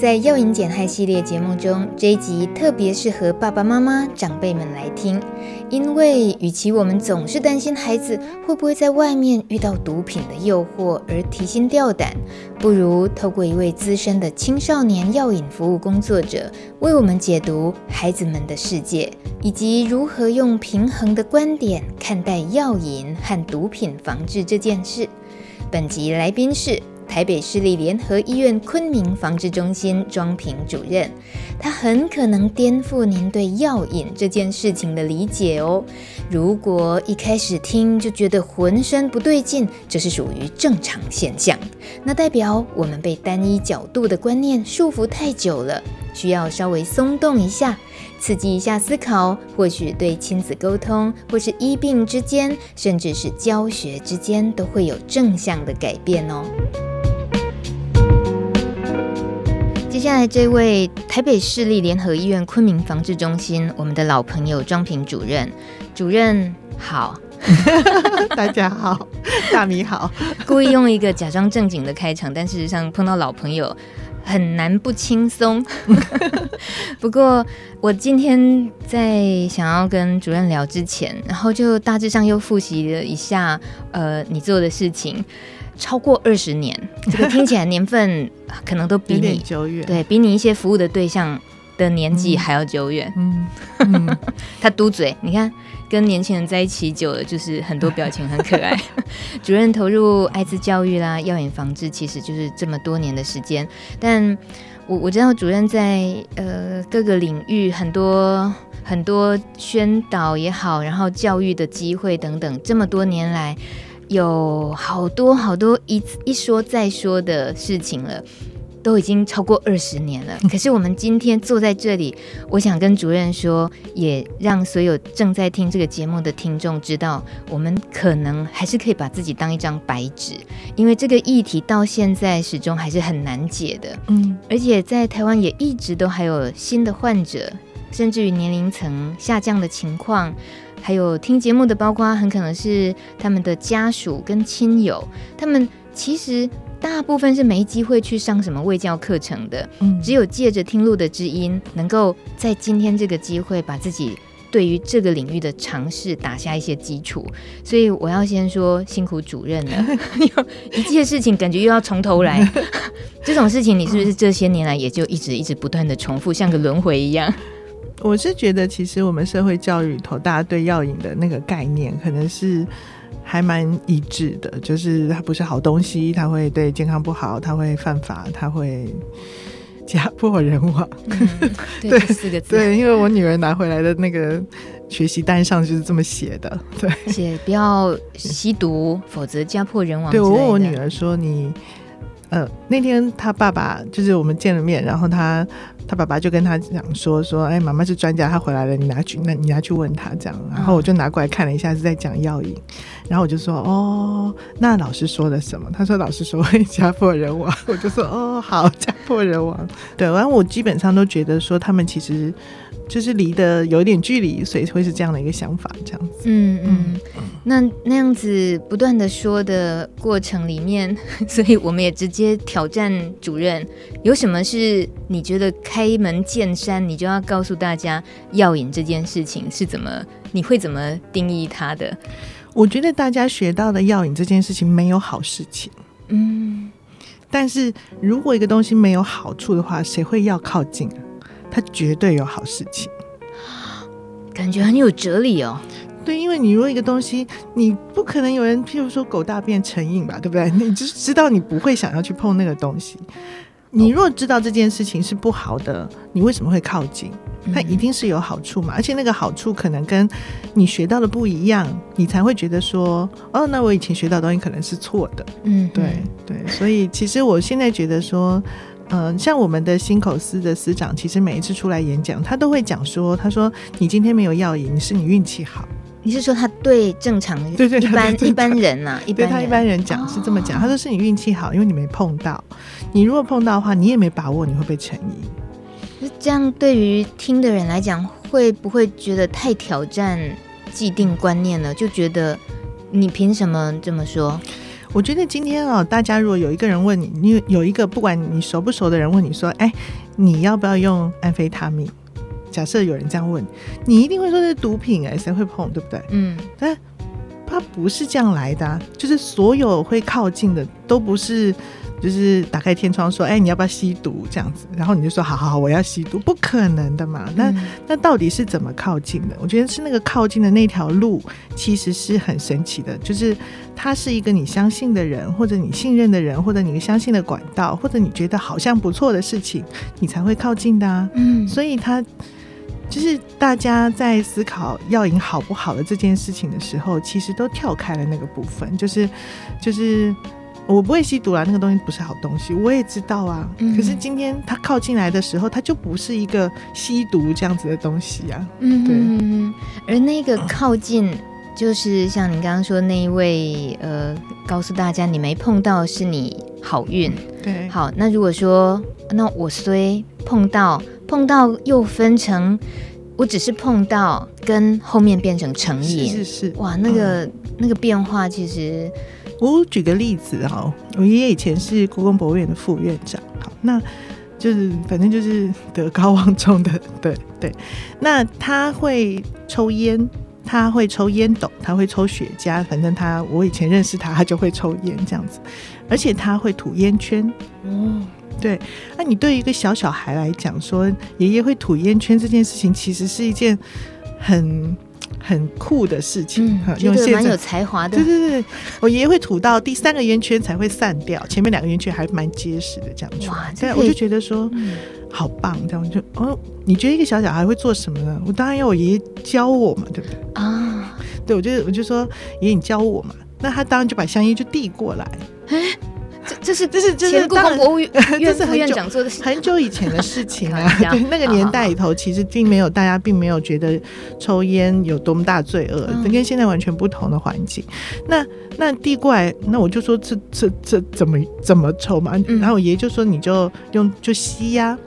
在藥癮減害系列節目中，這一集特別適合爸爸媽媽、長輩們來聽，因為與其我們總是擔心孩子會不會在外面遇到毒品的誘惑而提心吊膽，不如透過一位資深的青少年藥癮服務工作者為我們解讀孩子們的世界，以及如何用平衡的觀點看待藥癮和毒品防治這件事。本集來賓是。台北市立聯合醫院昆明防治中心莊蘋主任，他很可能顛覆您對藥癮這件事情的理解哦。如果一開始聽就覺得渾身不對勁，這是屬於正常現象，那代表我們被單一角度的觀念束縛太久了，需要稍微鬆動一下，刺激一下思考，或許對親子溝通，或是醫病之間，甚至是教學之間，都會有正向的改變哦。接下來這位台北市立聯合醫院昆明防治中心，我們的老朋友莊蘋主任，主任好， 大家好，大米好， 故意用一個假裝正經的開場，但事實上碰到老朋友很難不輕鬆。 不過我今天在想要跟主任聊之前，然後就大致上又複習了一下，呃，你做的事情。超過二十年，這個聽起來年份可能都比你久遠，對，比你一些服務的對象的年紀還要久遠。嗯，嗯，嗯，他嘟嘴，你看跟年輕人在一起久了，就是很多表情很可愛。 主任投入艾滋教育啦、藥癮防治，其實就是這麼多年的時間。但我我知道主任在呃各個領域很多很多宣導也好，然後教育的機會等等，這麼多年來。有好多好多一一說再說的事情了，都已經超過二十年了。嗯，可是我們今天坐在這裡，我想跟主任說，也讓所有正在聽這個節目的聽眾知道，我們可能還是可以把自己當一張白紙，因為這個議題到現在始終還是很難解的。嗯，而且在台灣也一直都還有新的患者，甚至於年齡層下降的情況。還有聽節目的，包括很可能是他們的家屬跟親友，他們其實大部分是沒機會去上什麼衛教課程的，嗯、只有借着聽錄的知音，能夠在今天這個機會，把自己對於這個領域的嘗試打下一些基礎。所以我要先說辛苦主任了， 你有 一切事情感覺又要從頭來， 這種事情你是不是這些年來也就一直一直不斷的重複，像個輪迴一樣？我是覺得，其實我們社會教育裡頭，大家對藥癮的那個概念，可能是還蠻一致的，就是它不是好東西，它會對健康不好，它會犯法，它會家破人亡。嗯、對， 對，是四個字。對，因為我女兒拿回來的那個學習單上就是這麼寫的。對，寫不要吸毒，嗯、否則家破人亡。對，我問我女兒說：“你，呃，那天她爸爸就是我們見了面，然後她。”他爸爸就跟他講說說，哎，媽、欸、媽是專家，他回來了，你拿去，那你，你拿去問他這樣。然後我就拿過來看了一下，是在講藥癮。然後我就說，哦，那老師說了什麼？他說老師說呵呵家破人亡。我就說，哦，好，家破人亡。 對，然後我基本上都覺得說他們其實。就是離得有一點距離，所以會是這樣的一個想法，這樣子。嗯嗯，嗯嗯，那那樣子不斷地說的過程裡面，所以我們也直接挑戰主任，有什麼是你覺得開門見山，你就要告訴大家藥癮這件事情是怎麼，你會怎麼定義它的？我覺得大家學到的藥癮這件事情沒有好事情。嗯，但是如果一個東西沒有好處的話，誰會要靠近？它絕對有好事情，感覺很有哲理哦。對，因為你如果一個東西，你不可能有人譬如說狗大便成癮吧，對不對？你就是知道你不會想要去碰那個東西。你若知道這件事情是不好的，你為什麼會靠近？它一定是有好處嘛。嗯、哼而且那個好處可能跟你學到的不一樣，你才會覺得說，哦，那我以前學到的東西可能是錯的。嗯哼，對對。所以其實我現在覺得說。嗯，像我們的心口司的司長，其實每一次出來演講，他都會講說：“他說你今天沒有藥癮，是你運氣好。”你是說他對正常對對一般 一般人吶、啊？一般人對他一般人講是這麼講，哦、他說：“是你運氣好，因為你沒碰到。你如果碰到的話，你也沒把握你會被成癮。”那這樣對於聽的人來講，會不會覺得太挑戰既定觀念了？就覺得你憑什麼這麼說？我覺得今天啊、哦，大家如果有一個人問你，你有一個不管你熟不熟的人問你說：“哎、欸，你要不要用安非他命？”假設有人這樣問，你一定會說這是毒品哎、欸，誰會碰，對不對？嗯，但他不是這樣來的、啊，就是所有會靠近的都不是。就是打開天窗說，哎、欸，你要不要吸毒這樣子？然後你就說，好好好，我要吸毒，不可能的嘛。嗯、那那到底是怎麼靠近的？我覺得是那個靠近的那條路，其實是很神奇的。就是他是一個你相信的人，或者你信任的人，或者你相信的管道，或者你覺得好像不錯的事情，你才會靠近的啊。嗯，所以他就是大家在思考藥癮好不好的這件事情的時候，其實都跳開了那個部分，就是就是。我不會吸毒啦，那個東西不是好東西，我也知道啊。嗯、可是今天他靠近來的時候，他就不是一個吸毒這樣子的東西啊。嗯，對。而那個靠近，就是像你剛剛說的那一位，呃，告訴大家你沒碰到是你好運。對。好，那如果說那我衰碰到碰到又分成，我只是碰到跟後面變成成癮是，是是。哇，那個、嗯、那個變化其實。我舉個例子哈，我爺爺以前是故宮博物院的副院長，好，那就是反正就是德高望重的，對對。那他會抽菸，他會抽菸斗，他會抽雪茄，反正他我以前認識他，他就會抽菸這樣子，而且他會吐菸圈，哦、嗯，對。那你對一個小小孩來講說，說爺爺會吐菸圈這件事情，其實是一件很。很酷的事情，嗯、用線子蠻有才華的。對對對，我爺爺會吐到第三個煙圈才會散掉，前面兩個煙圈還蠻結實的。這樣出來哇，對，我就覺得說、嗯、好棒，這樣就哦，你覺得一個小小孩會做什麼呢？我當然要我爺爺教我嘛，對不對啊？對，我就我就說爺爺你教我嘛，那他當然就把香煙就遞過來。欸這是這是這是這是故宮博物院副院長做的事情，很久 以前的事情啊。那個年代裡頭，其實並沒有大家並沒有覺得抽煙有多麼大罪惡，跟現在完全不同的環境。那那遞過來，那我就說這這這怎麼怎麼抽嘛？然後我爺就說你就用就吸呀、啊，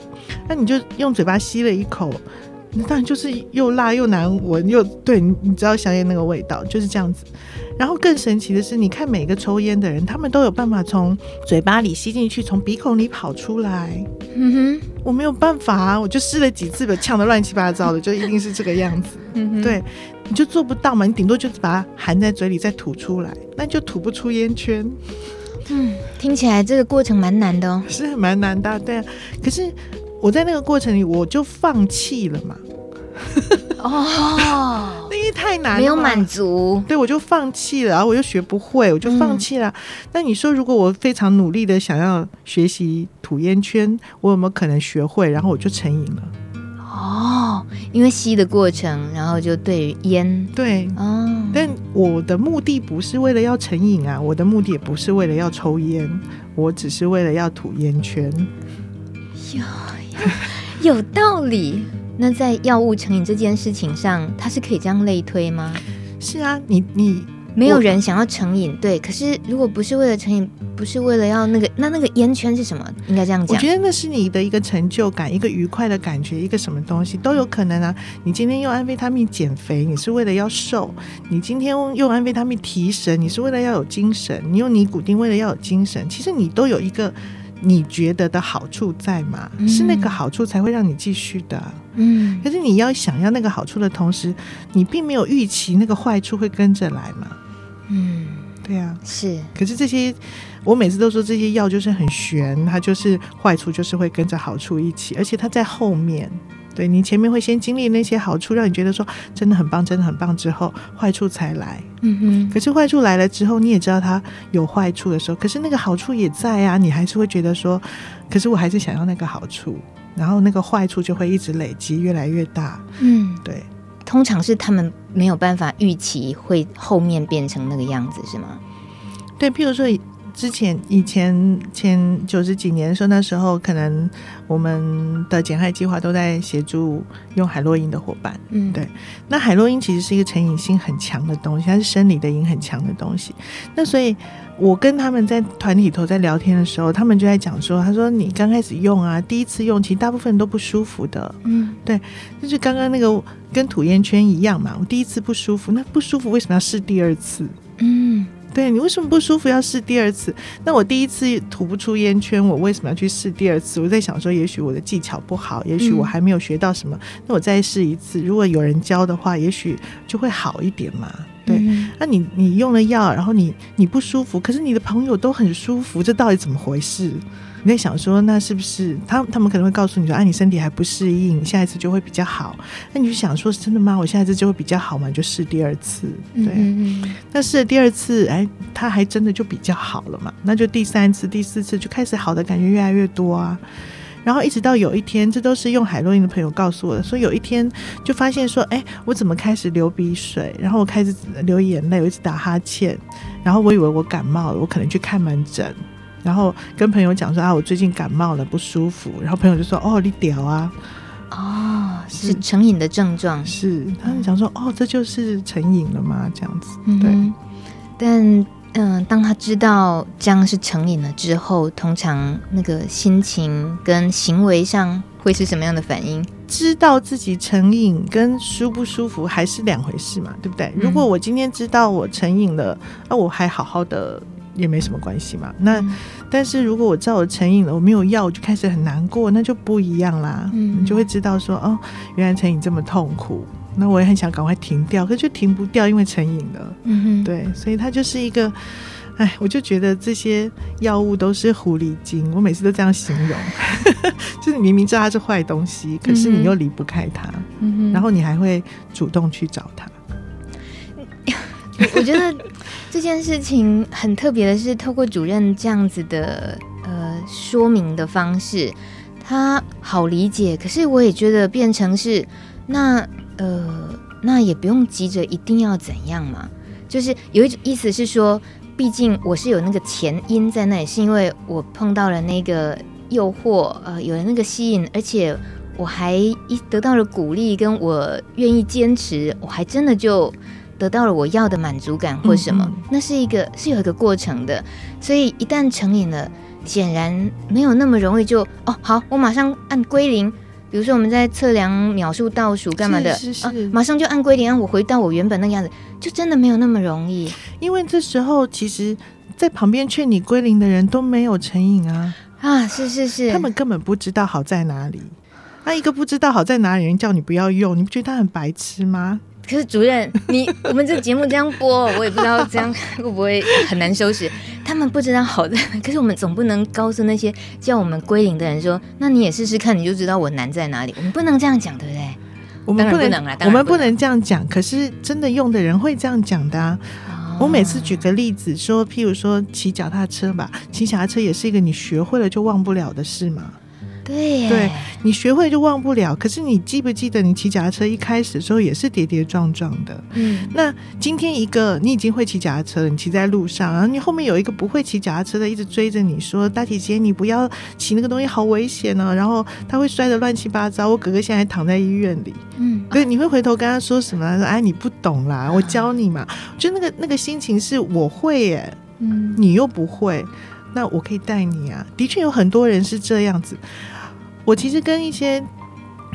那你就用嘴巴吸了一口，那當然就是又辣又難聞，又對你你知道香煙那個味道，就是這樣子。然後更神奇的是，你看每個抽煙的人，他們都有辦法從嘴巴裡吸進去，從鼻孔裡跑出來。嗯哼，我沒有辦法啊，我就試了幾次，被嗆得亂七八糟的，就一定是這個樣子。嗯哼，對，你就做不到嘛，你頂多就把它含在嘴裡再吐出來，那就吐不出煙圈。嗯，聽起來這個過程蠻難的哦。是蠻難的啊，對啊。可是我在那個過程裡，我就放棄了嘛。 哦，因為 太難了。沒有滿足，對，我就放棄了，然後我就學不會，我就放棄了。嗯，那你說，如果我非常努力的想要學習吐煙圈，我有沒有可能學會？然後我就成癮了？哦，因為吸的過程，然後就對煙，對，哦。但我的目的不是為了要成癮啊，我的目的也不是為了要抽煙，我只是為了要吐煙圈。有，有，有道理。 那在藥物成癮這件事情上，它是可以這樣類推嗎？是啊，你你沒有人想要成癮，對。可是如果不是為了成癮，不是為了要那個，那那個煙圈是什麼？應該這樣講。我覺得那是你的一個成就感，一個愉快的感覺，一個什麼東西都有可能啊。你今天用安非他命減肥，你是為了要瘦；你今天用安非他命提神，你是為了要有精神；你用尼古丁為了要有精神，其實你都有一個。你覺得的好處在嘛？嗯、是那個好處才會讓你繼續的。嗯，可是你要想要那個好處的同時，你並沒有預期那個壞處會跟着來嘛？嗯，對啊，是。可是這些，我每次都說這些藥就是很懸，它就是壞處就是會跟着好處一起，而且它在後面。對，你前面會先經歷那些好處，讓你覺得說真的很棒，真的很棒，之後壞處才來。嗯嗯哼，可是壞處來了之後，你也知道它有壞處的時候，可是那個好處也在啊，你還是會覺得說，可是我還是想要那個好處，然後那個壞處就會一直累積越來越大。嗯，對。通常是他們沒有辦法預期會後面變成那個樣子，是嗎？對，譬如說。之前以前前九十幾年的時候，那時候可能我們的減害計劃都在協助用海洛因的伙伴。嗯，對。那海洛因其實是一個成癮性很強的東西，它是生理的癮很強的東西。那所以，我跟他們在團體頭在聊天的時候，他們就在講說：“他說你剛開始用啊，第一次用，其實大部分人都不舒服的。”嗯，對。就是剛剛那個跟吐煙圈一樣嘛，我第一次不舒服，那不舒服為什麼要試第二次？嗯。對，你為什麼不舒服要試第二次？那我第一次吐不出煙圈，我為什麼要去試第二次？我在想說，也許我的技巧不好，也許我還沒有學到什麼。嗯、那我再試一次，如果有人教的話，也許就會好一點嘛。對，那、嗯啊、你你用了藥，然後你你不舒服，可是你的朋友都很舒服，這到底怎麼回事？你在想說，那是不是他他們可能會告訴你說，哎、啊，你身體還不適應，下一次就會比較好。那、啊、你就想說，真的嗎？我下一次就會比較好嗎？就試第二次，對。那試了第二次，哎、欸，他還真的就比較好了嘛。那就第三次、第四次就開始好的感覺越來越多啊。然後一直到有一天，這都是用海洛因的朋友告訴我的，說有一天就發現說，哎、欸，我怎麼開始流鼻水？然後我開始流眼淚，我一直打哈欠，然後我以為我感冒了，我可能去看門診。然後跟朋友講說啊，我最近感冒了，不舒服。然後朋友就說：“哦，你屌啊！”哦，是，是成癮的症狀。是他就講說：“哦，這就是成癮了嗎？”這樣子，嗯、哼對。但嗯、呃，當他知道這樣是成癮了之後，通常那個心情跟行為上會是什麼樣的反應？知道自己成癮跟舒不舒服還是兩回事嘛，對不對？嗯、如果我今天知道我成癮了，那、啊、我還好好的。也沒什麼關係嘛。那、嗯、但是如果我知道我成癮了，我沒有藥，我就開始很難過，那就不一樣啦。嗯，你就會知道說哦，原來成癮這麼痛苦。那我也很想趕快停掉，可是就停不掉，因為成癮了。嗯哼，對，所以它就是一個，哎，我就覺得這些藥物都是狐狸精。我每次都這樣形容， 就是你明明知道它是壞東西，可是你又離不開它，嗯、哼然後你還會主動去找它。 我覺得這件事情很特別的是，透過主任這樣子的呃說明的方式，他好理解。可是我也覺得變成是那呃那也不用急着一定要怎樣嘛，就是有一種意思是說，畢竟我是有那個前因在那裡，是因為我碰到了那個誘惑，呃，有了那個吸引，而且我還一得到了鼓勵，跟我願意堅持，我還真的就。得到了我要的滿足感或什麼，嗯、那是一個是有一個過程的，所以一旦成癮了，顯然沒有那麼容易就哦好，我馬上按歸零。比如說我們在測量秒數倒數幹嘛的，是,是,是、哦、馬上就按歸零，我回到我原本那個樣子，就真的沒有那麼容易。因為這時候其實，在旁邊勸你歸零的人都沒有成癮啊啊，是是是，是他們根本不知道好在哪裡。那、啊、一個不知道好在哪裡人叫你不要用，你不覺得他很白痴嗎？可是主任，你我們這節目這樣播， 我也不知道這樣會不會很難收拾。他們不知道好的，可是我們總不能告訴那些叫我們歸零的人說：“那你也試試看，你就知道我難在哪裡。”我們不能這樣講，對不對？我們不能，不能不能我們不能這樣講。可是真的用的人會這樣講的。啊。啊我每次舉個例子說，譬如說騎腳踏車吧，騎腳踏車也是一個你學會了就忘不了的事嘛。對對，你學會就忘不了。可是你記不記得你騎腳踏車一開始的時候也是跌跌撞撞的？嗯，那今天一個你已經會騎腳踏車了，你騎在路上，然後你後面有一個不會騎腳踏車的一直追着你說：“大姐姐，你不要騎那個東西，好危險啊、哦！”然後他會摔得亂七八糟。我哥哥現在還躺在醫院裡。嗯，對，啊、你會回頭跟他說什麼？他說：“哎，你不懂啦，我教你嘛。啊”就那個那個心情是我會耶，嗯，你又不會，那我可以帶你啊。的確有很多人是這樣子。我其實跟一些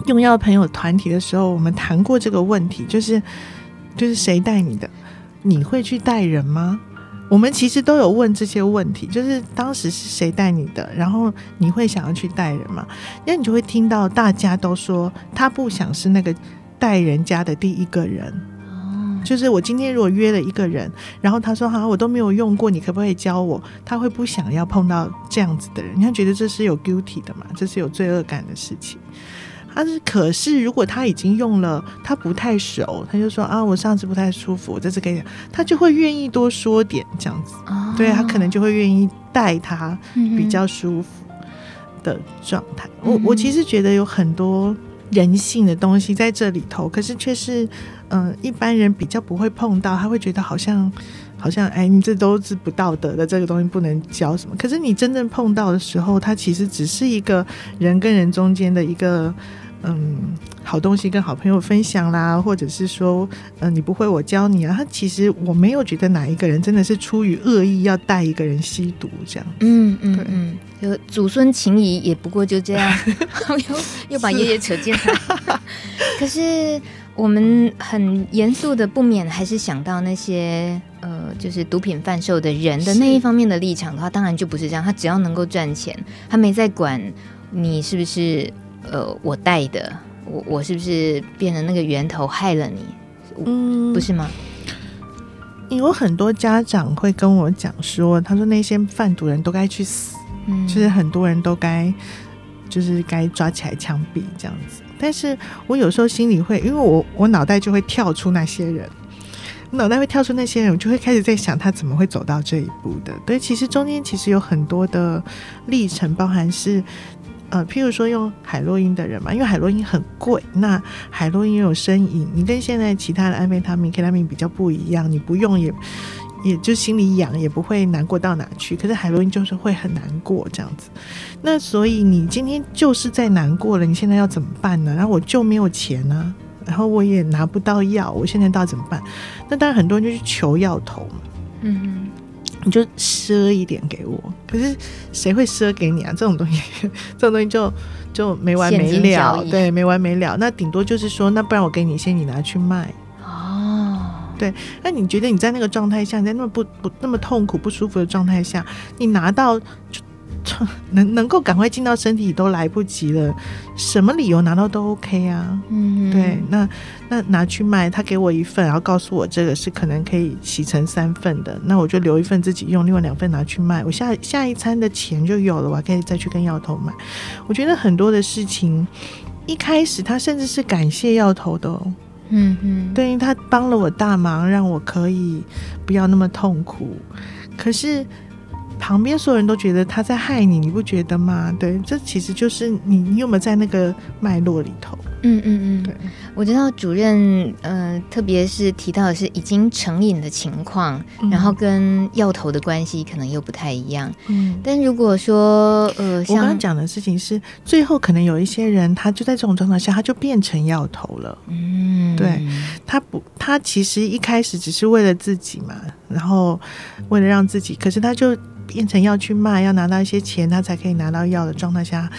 用藥朋友團體的時候，我們談過這個問題，就是就是誰帶你的？你會去帶人嗎？我們其實都有問這些問題，就是當時是誰帶你的，然後你會想要去帶人嗎？那你就會聽到大家都說，他不想是那個帶人家的第一個人。就是我今天如果約了一個人，然後他說哈、啊，我都沒有用過，你可不可以教我？他會不想要碰到這樣子的人，他覺得這是有 guilty 的嘛，這是有罪惡感的事情。他是可是如果他已經用了，他不太熟，他就說，啊我上次不太舒服，我這次可以。他就會願意多說點這樣子，哦、對，他可能就會願意帶他比較舒服的狀態。嗯、哼我我其實覺得有很多，人性的東西在這裡頭，可是卻是，嗯、呃，一般人比較不會碰到，他會覺得好像，好像，哎，你這都是不道德的，這個東西不能教什麼。可是你真正碰到的時候，它其實只是一個人跟人中間的一個。嗯，好東西跟好朋友分享啦，或者是說，嗯，你不會我教你啊。他其實我沒有覺得哪一個人真的是出於惡意要帶一個人吸毒，這樣嗯。嗯嗯嗯，就對祖孫情誼也不過就這樣， 又又把爺爺扯進來。是 可是我們很嚴肅的不免還是想到那些呃，就是毒品販售的人的那一方面的立場的話，是當然就不是這樣。他只要能夠賺錢，他沒在管你是不是。呃，我帶的，我我是不是變成那個源頭害了你？嗯，不是嗎？有很多家長會跟我講說，他說那些販毒人都該去死，嗯，就是很多人都該，就是該抓起來槍斃這樣子。但是我有時候心裡會，因為我我腦袋就會跳出那些人，腦袋會跳出那些人，我就會開始在想他怎麼會走到這一步的。對，其實中間其實有很多的歷程，包含是。呃，譬如說用海洛因的人嘛，因為海洛因很貴，那海洛因又有身癮，你跟現在其他的安非他命、K 他命比較不一樣，你不用也，也就心裡癢，也不會難過到哪去。可是海洛因就是會很難過這樣子，那所以你今天就是在難過了，你現在要怎麼辦呢？然後我就沒有錢啊，然後我也拿不到藥，我現在到底怎麼辦？那當然很多人就去求藥頭，嗯。你就賒一點給我，可是誰會賒給你啊？這種東西，這種東西就就沒完沒了，對，沒完沒了。那頂多就是說，那不然我給你一些，你拿去賣。哦，對。那，啊你覺得你在那個狀態下，你在那麼不不那麼痛苦、不舒服的狀態下，你拿到就，能能夠趕快進到身體都來不及了，什麼理由拿到都 OK 啊。嗯哼，對，那那拿去賣，他給我一份，然後告訴我這個是可能可以洗成三份的，那我就留一份自己用，另外兩份拿去賣，我下下一餐的錢就有了，我還可以再去跟藥頭買。我覺得很多的事情，一開始他甚至是感謝藥頭的哦，嗯嗯哼，對於他幫了我大忙，讓我可以不要那麼痛苦，可是。旁邊所有人都覺得他在害你，你不覺得嗎？對，這其實就是你，你有沒有在那個脈絡裡頭？嗯嗯嗯，嗯嗯對。我知道主任，嗯、呃，特別是提到的是已經成癮的情況，嗯、然後跟藥頭的關係可能又不太一樣。嗯，但如果說，呃，像我剛剛講的事情是，最後可能有一些人他就在這種狀態下，他就變成藥頭了。嗯，對，他不，他其實一開始只是為了自己嘛，然後為了讓自己，可是他就。變成要去賣，要拿到一些錢，他才可以拿到藥的狀態下，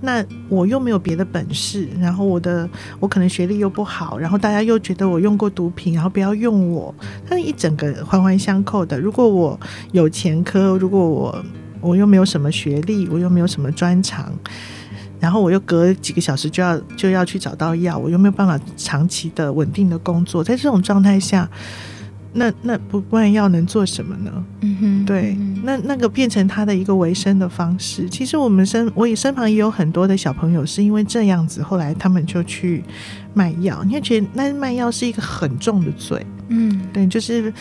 那我又沒有別的本事，然後我的我可能學歷又不好，然後大家又覺得我用過毒品，然後不要用我，他一整個環環相扣的。如果我有前科，如果我我又沒有什麼學歷，我又沒有什麼專長，然後我又隔幾個小時就要就要去找到藥，我又沒有辦法長期的穩定的工作，在這種狀態下。那那不賣藥能做什麼呢？嗯哼，對，那那個變成他的一個維生的方式。其實我們身，我也身旁也有很多的小朋友是因為這樣子，後來他們就去賣藥。因為覺得那賣藥是一個很重的罪，嗯，對，就是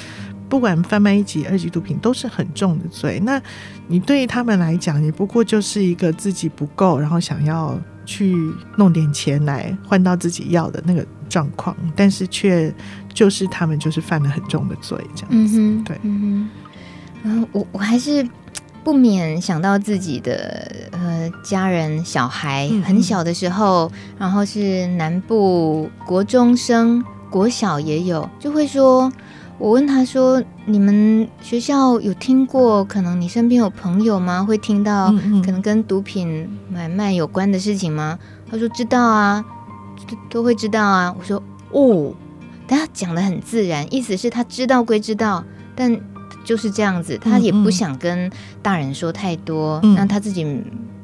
不管販賣一級、二級毒品都是很重的罪。那你對於他們來講，你不過就是一個自己不夠，然後想要去弄點錢來換到自己要的那個狀況，但是卻。就是他們就是犯了很重的罪，這樣子對。嗯哼，對嗯哼，呃、我我還是不免想到自己的呃家人小孩，嗯、哼很小的時候，然後是南部國中生、國小也有，就會說，我問他說，你們學校有聽過？可能你身邊有朋友嗎？會聽到可能跟毒品買賣有關的事情嗎？他說知道啊，都都會知道啊。我說哦。但他講的很自然，意思是他知道歸知道，但就是這樣子，他也不想跟大人說太多，讓、嗯嗯、他自己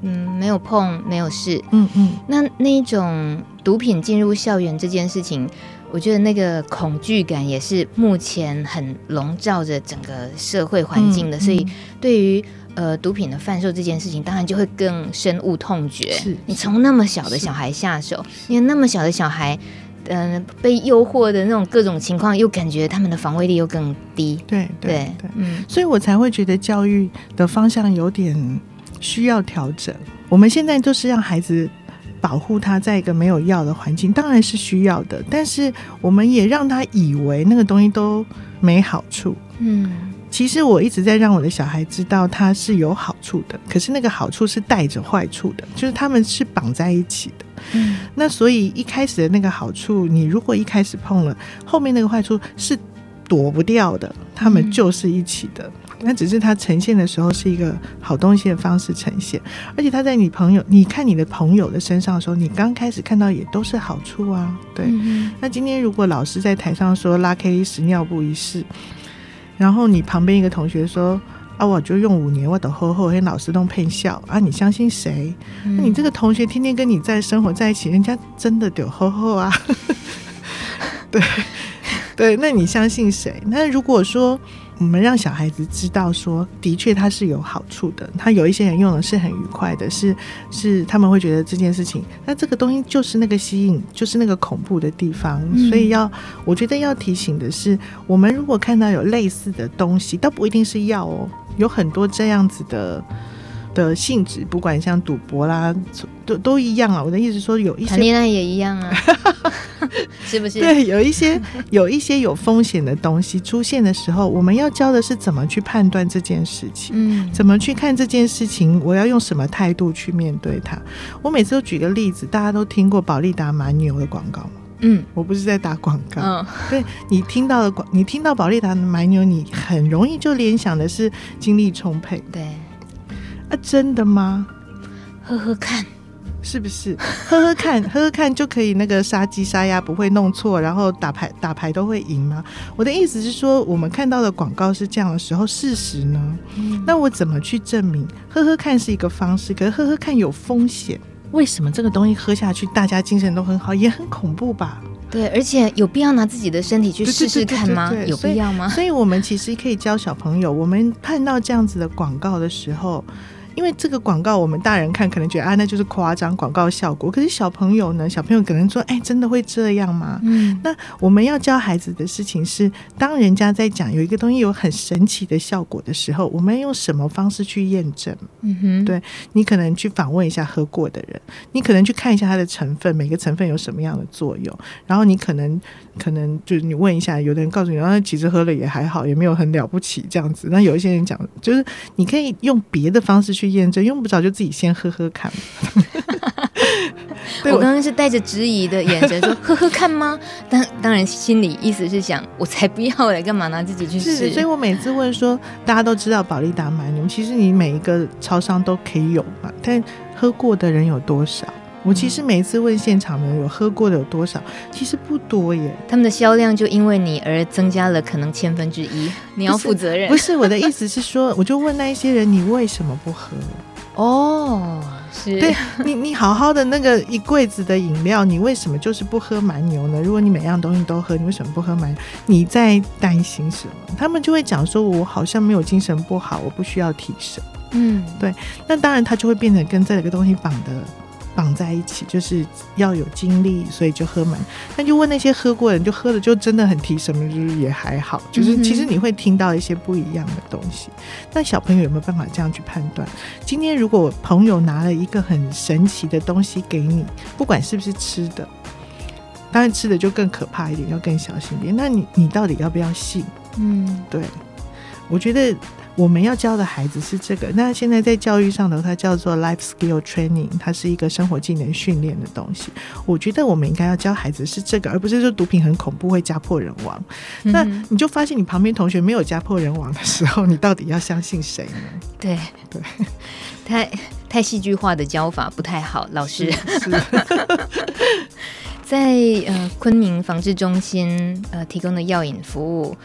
嗯沒有碰沒有事，嗯嗯，那那一種毒品進入校園這件事情，我覺得那個恐懼感也是目前很籠罩着整個社會環境的，嗯嗯，所以對於呃毒品的販售這件事情，當然就會更深惡痛絕。是你從那麼小的小孩下手，是你有那麼小的小孩。嗯、呃，被誘惑的那種各種情況，又感覺他們的防衛力又更低。對對對，對，對，嗯，所以我才會覺得教育的方向有點需要調整。我們現在都是讓孩子保護他，在一個沒有藥的環境，當然是需要的，但是我們也讓他以為那個東西都沒好處。嗯，其實我一直在讓我的小孩知道，它是有好處的，可是那個好處是帶着壞處的，就是他們是綁在一起的。嗯，那所以一開始的那個好處，你如果一開始碰了，後面那個壞處是躲不掉的，他們就是一起的。嗯、那只是它呈現的時候是一個好東西的方式呈現，而且他在你朋友，你看你的朋友的身上的時候，你剛開始看到也都是好處啊。對，嗯、哼那今天如果老師在台上說拉 K 一時，尿布一世，然後你旁邊一個同學說。啊，我就用五年，我的厚厚連老師都配笑。啊，你相信誰？嗯、那你這個同學天天跟你在生活在一起，人家真的得吼吼啊。 對對，那你相信誰？那如果說我們讓小孩子知道說，的確它是有好處的，他有一些人用的是很愉快的，是是他們會覺得這件事情。那這個東西就是那個吸引，就是那個恐怖的地方。嗯、所以要，我覺得要提醒的是，我們如果看到有類似的東西，倒不一定是藥哦。有很多這樣子的的性質，不管像賭博啦，都都一樣啊。我的意思說，有一些，談戀愛也一樣啊， 是不是？對，有一些有一些有風險的東西出現的時候，我們要教的是怎麼去判斷這件事情，嗯，怎麼去看這件事情，我要用什麼態度去面對它。我每次都舉個例子，大家都聽過保力達蠻牛的廣告嗎？嗯，我不是在打廣告。嗯、對，你聽到的廣，你聽到保利達的蠻牛，你很容易就聯想的是精力充沛。對，啊，真的嗎？喝喝看，是不是？喝喝看，喝喝 看就可以那個殺雞殺鴨不會弄錯，然後打牌打牌都會贏嗎、啊？我的意思是說，我們看到的廣告是這樣的時候，事實呢？嗯、那我怎麼去證明？喝喝看是一個方式，可是喝喝看有風險。為什麼這個東西喝下去，大家精神都很好，也很恐怖吧？對，而且有必要拿自己的身體去試試看嗎？有必要嗎？所以我們其實可以教小朋友， 我們看到這樣子的廣告的時候。因為這個廣告，我們大人看可能覺得啊，那就是誇張廣告效果。可是小朋友呢，小朋友可能說，哎，真的會這樣嗎？嗯，那我們要教孩子的事情是，當人家在講有一個東西有很神奇的效果的時候，我們用什麼方式去驗證？嗯哼，對你可能去訪問一下喝過的人，你可能去看一下它的成分，每個成分有什麼樣的作用，然後你可能可能就是你問一下，有的人告訴你，然後其實喝了也還好，也沒有很了不起這樣子。那有一些人講，就是你可以用別的方式去。驗證用不着就自己先喝喝看， 我剛剛是帶着質疑的眼神說：“喝喝 看嗎？”當當然心裡意思是想：“我才不要來、欸、幹嘛呢？”自己去試。所以，我每次問說：“大家都知道保力達蠻牛，你們其實你每一個超商都可以有嘛，但喝過的人有多少？”我其實每一次問現場的人有喝過的有多少，其實不多耶。他們的銷量就因為你而增加了可能千分之一，你要負責任。不是，不是我的意思是說， 我就問那一些人，你為什麼不喝？哦，是對你你好好的那個一櫃子的飲料，你為什麼就是不喝蠻牛呢？如果你每樣東西都喝，你為什麼不喝蠻牛？你在擔心什麼？他們就會講說，我好像沒有精神不好，我不需要提神。嗯，對。那當然，他就會變成跟這個東西綁的。綁在一起，就是要有精力，所以就喝滿。那就問那些喝過的人，就喝了就真的很提什麼？就是也還好。就是其實你會聽到一些不一樣的東西。嗯哼。那小朋友有沒有辦法這樣去判斷？今天如果朋友拿了一個很神奇的東西給你，不管是不是吃的，當然吃的就更可怕一點，要更小心一點。那你你到底要不要信？嗯，對，我覺得。我們要教的孩子是這個。那現在在教育上頭，它叫做 life skill training，它是一個生活技能訓練的東西。我覺得我們應該要教孩子是這個，而不是說毒品很恐怖，會家破人亡。嗯、哼那你就發現你旁邊同學沒有家破人亡的時候，你到底要相信誰呢？對對，對太太戲劇化的教法不太好。老師是是 在呃昆明防治中心呃提供的藥癮服務，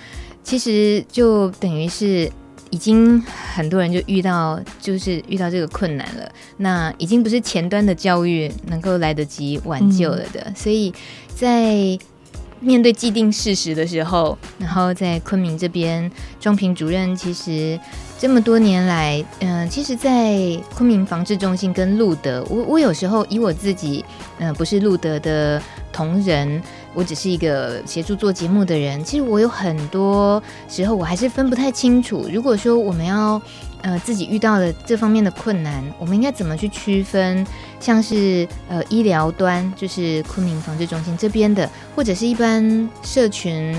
其實就等於是。已經很多人就遇到，就是遇到這個困難了。那已經不是前端的教育能夠來得及挽救了的。嗯、所以在面對既定事實的時候，嗯、然後在昆明這邊，莊蘋主任其實這麼多年來，嗯、呃，其實，在昆明防治中心跟路德，我我有時候以我自己，嗯、呃，不是路德的同仁。我只是一個協助做節目的人，其實我有很多時候我還是分不太清楚。如果說我們要呃自己遇到了這方面的困難，我們應該怎麼去區分？像是呃醫療端，就是昆明防治中心這邊的，或者是一般社群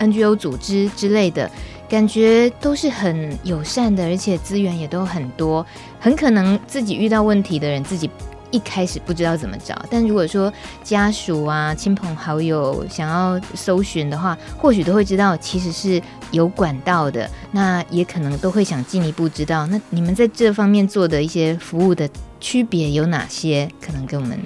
NGO 組織之類的，感覺都是很友善的，而且資源也都很多，很可能自己遇到問題的人自己。一開始不知道怎麼找，但如果說家屬啊、親朋好友想要搜尋的話，或許都會知道其實是有管道的，那也可能都會想進一步知道。那你們在這方面做的一些服務的區別有哪些？可能跟我們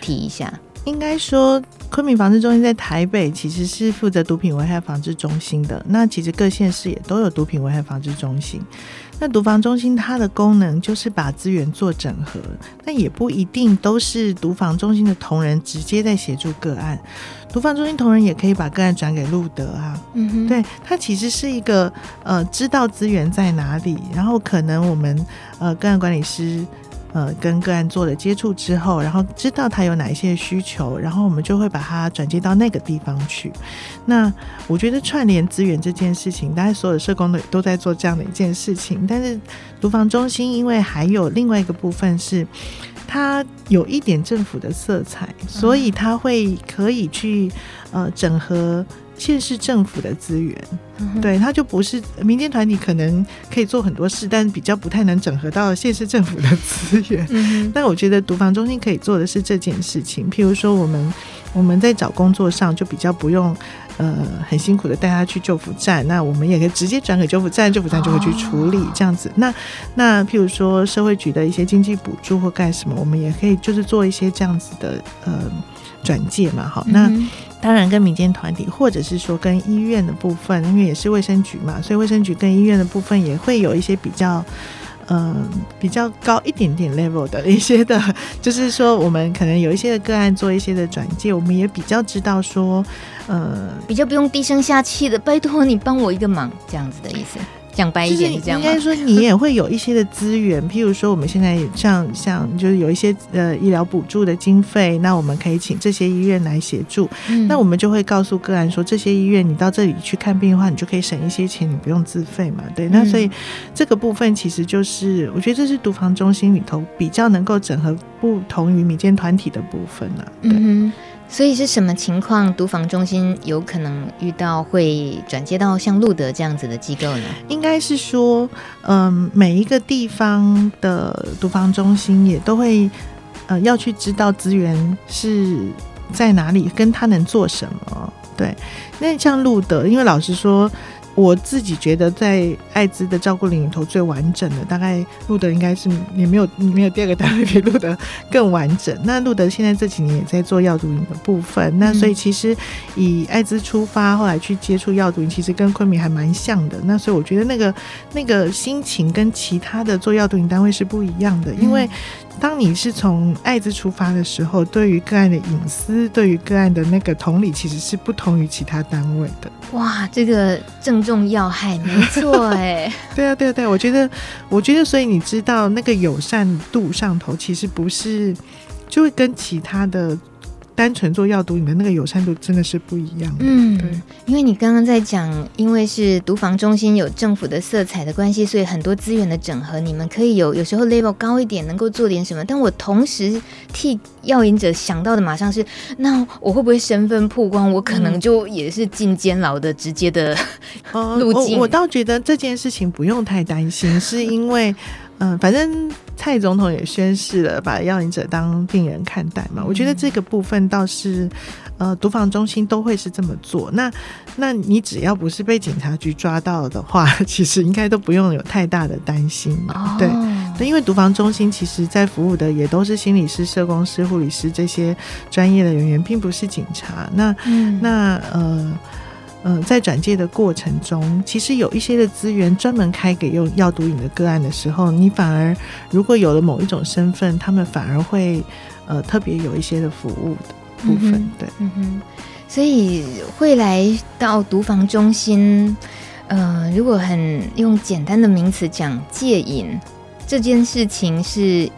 提一下。應該說，昆明防治中心在台北其實是負責毒品危害防治中心的，那其實各縣市也都有毒品危害防治中心。那毒防中心它的功能就是把資源做整合，那也不一定都是毒防中心的同仁直接在協助個案，毒防中心同仁也可以把個案轉給露德啊。嗯哼，對，它其實是一個呃，知道資源在哪裡，然後可能我們呃個案管理師。呃，跟個案做了接觸之後，然後知道他有哪一些需求，然後我們就會把他轉接到那個地方去。那我覺得串聯資源這件事情，大家所有社工都都在做這樣的一件事情。但是毒防中心，因為還有另外一個部分是它有一點政府的色彩，所以他會可以去呃整合。縣市政府的資源，嗯、哼對，他就不是民間團體，可能可以做很多事，但比較不太能整合到縣市政府的資源。那、嗯、哼我覺得毒防中心可以做的是這件事情，譬如說我們我們在找工作上就比較不用呃很辛苦的帶他去救福站，那我們也可以直接轉給救福站，哦、救福站就會去處理這樣子。哦、那那譬如說社會局的一些經濟補助或幹什麼，我們也可以就是做一些這樣子的呃轉介嘛，好那。嗯當然，跟民間團體或者是說跟醫院的部分，因為也是衛生局嘛，所以衛生局跟醫院的部分也會有一些比較，嗯、呃，比較高一點點 level 的一些的，就是說我們可能有一些的個案做一些的轉介，我們也比較知道說，嗯、呃，比較不用低聲下氣的，拜託你幫我一個忙這樣子的意思。講白一點，這樣應該說你也會有一些的資源，譬如說我們現在也像像就是有一些呃醫療補助的經費，那我們可以請這些醫院來協助，嗯、那我們就會告訴個案說，這些醫院你到這裡去看病的話，你就可以省一些錢，你不用自費嘛，對。那所以這個部分其實就是我覺得這是毒防中心裡頭比較能夠整合不同於民間團體的部分了、啊，對。嗯所以是什麼情況？毒防中心有可能遇到會轉接到像路德這樣子的機構呢？應該是說，嗯，每一個地方的毒防中心也都會，呃，要去知道資源是在哪裡，跟他能做什麼。對，那像路德，因為老實說。我自己覺得，在艾滋的照顧裡頭最完整的，大概路德應該是也沒有沒有第二個單位比路德更完整。那路德現在這幾年也在做藥毒癮的部分，那所以其實以艾滋出發，後來去接觸藥毒癮，其實跟昆明還蠻像的。那所以我覺得那個那個心情跟其他的做藥毒癮單位是不一樣的，因為。當你是從愛滋出發的時候，對於個案的隱私，對於個案的那個同理，其實是不同於其他單位的。哇，這個正中要害，沒錯哎、欸。 對啊，對啊，對啊，我覺得，我覺得，所以你知道，那個友善度上頭，其實不是，就會跟其他的。單純做藥毒，你們那個友善度真的是不一樣。嗯，對，因為你剛剛在講，因為是毒防中心有政府的色彩的關係，所以很多資源的整合，你們可以有，有時候 level 高一點，能夠做點什麼。但我同時替藥癮者想到的，馬上是那我會不會身份曝光？我可能就也是進監牢的、嗯、直接的、嗯、路徑。呃、我我倒覺得這件事情不用太擔心，是因為嗯、 呃，反正。蔡總統也宣示了，把藥癮者當病人看待嘛。嗯、我覺得這個部分倒是，呃，毒防中心都會是這麼做。那那你只要不是被警察局抓到的話，其實應該都不用有太大的擔心嘛。哦、對，那因為毒防中心其實在服務的也都是心理師、社工師、護理師這些專業的人員，並不是警察。那、嗯、那呃。嗯、呃，在轉介的過程中，其實有一些的資源專門開給用藥毒癮的個案的時候，你反而如果有了某一種身份，他們反而會呃特別有一些的服務的部分，嗯、哼對，嗯哼，所以會來到毒防中心，嗯、呃，如果很用簡單的名詞講戒癮這件事情是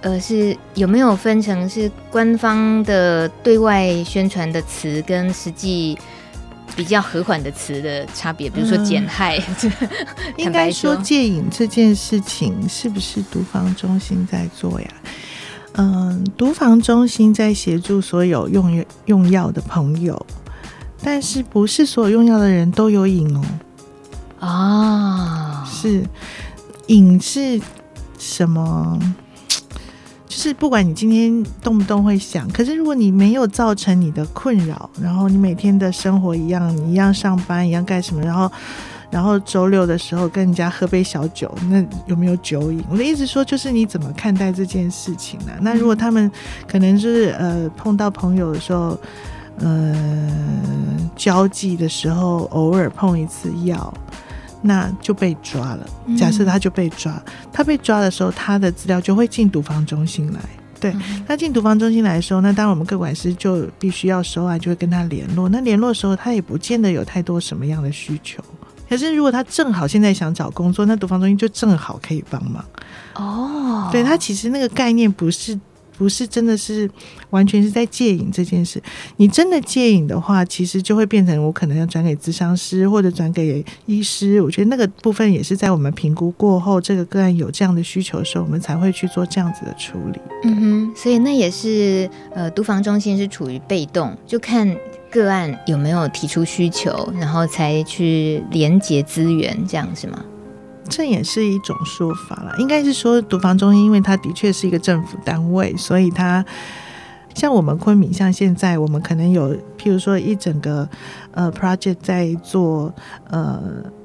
呃是有沒有分成是官方的對外宣傳的詞跟實際，比較和緩的詞的差別，比如說“減害”，嗯、應該說戒癮這件事情是不是毒防中心在做呀？嗯，毒防中心在協助所有用用藥的朋友，但是不是所有用藥的人都有癮、喔、哦？啊，是癮是什麼？就是不管你今天動不動會想，可是如果你沒有造成你的困擾，然後你每天的生活一樣，你一樣上班，一樣幹什麼，然後，然後週六的時候跟人家喝杯小酒，那有沒有酒癮？我的意思說，就是你怎麼看待這件事情呢、啊？那如果他們可能、就是呃碰到朋友的時候，嗯、呃，交際的時候偶爾碰一次藥。那就被抓了。假設他就被抓，嗯、他被抓的時候，他的資料就會進毒防中心來。對、嗯、他進毒防中心來的時候，那當然我們個管師就必須要收案，就會跟他聯絡。那聯絡的時候，他也不見得有太多什麼樣的需求。可是如果他正好現在想找工作，那毒防中心就正好可以幫忙。哦，對他其實那個概念不是。不是真的是完全是在戒癮這件事。你真的戒癮的話，其實就會變成我可能要轉給諮商師或者轉給醫師。我覺得那個部分也是在我們評估過後，這個個案有這樣的需求的時候，我們才會去做這樣子的處理。嗯哼，所以那也是呃，毒防中心是處於被動，就看個案有沒有提出需求，然後才去連接資源，這樣是嗎？這也是一種說法啦，應該是說毒防中心，因為它的確是一個政府單位，所以它像我們昆明，像現在我們可能有，譬如說一整個呃 project 在做呃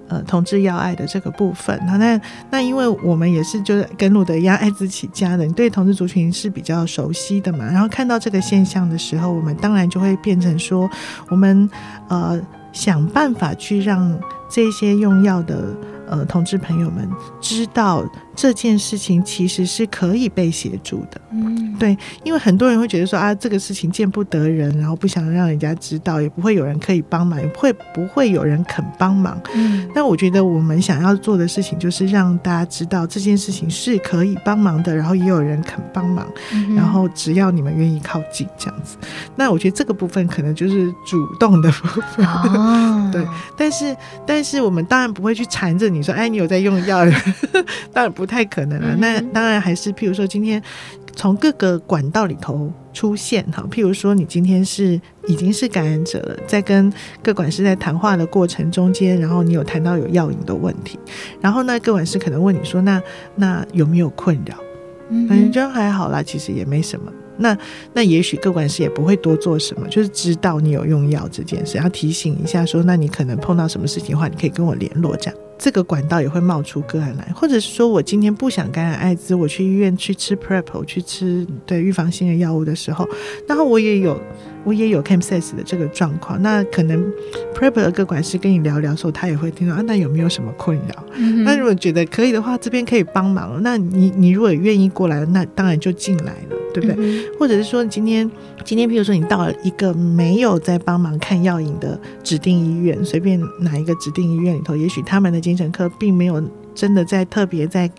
呃同志藥愛的這個部分。那那那，因為我們也是就是跟路德一樣，愛滋起家的，對同志族群是比較熟悉的嘛。然後看到這個現象的時候，我們當然就會變成說，我們呃想辦法去讓這些用藥的。呃，同志朋友們知道這件事情其實是可以被協助的，嗯，對，因為很多人會覺得說啊，這個事情見不得人，然後不想讓人家知道，也不會有人可以幫忙，也不會不會有人肯幫忙。嗯，那我覺得我們想要做的事情就是讓大家知道這件事情是可以幫忙的，然後也有人肯幫忙，嗯、哼然後只要你們願意靠近這樣子。那我覺得這個部分可能就是主動的部分，哦、 對，但是但是我們當然不會去纏着你說，哎，你有在用藥？當然不。太可能了，那當然還是譬如說，今天從各個管道裡頭出現哈，譬如說你今天是已經是感染者了，在跟個管師在談話的過程中間，然後你有談到有藥癮的問題，然後呢，個管師可能問你說，那那有沒有困擾？反正、嗯嗯、還好啦，其實也沒什麼。那那也許個管師也不會多做什麼，就是知道你有用藥這件事，然後提醒一下說，那你可能碰到什麼事情的話，你可以跟我聯絡這樣。這個管道也會冒出個案來，或者是說我今天不想感染艾滋，我去醫院去吃 PrEP，我去吃對預防性的藥物的時候，然後我也有我也有 chemsex 的這個狀況，那可能 PrEP 的個管師跟你聊聊的時候，他也會聽到啊，那有沒有什麼困擾？嗯、哼那如果覺得可以的話，這邊可以幫忙。那你你如果願意過來，那當然就進來了，對不對？嗯、哼或者是說今天今天，比如說你到了一個沒有在幫忙看藥癮的指定醫院，隨便哪一個指定醫院裡頭，也許他們的。精神科並沒有真的在特別在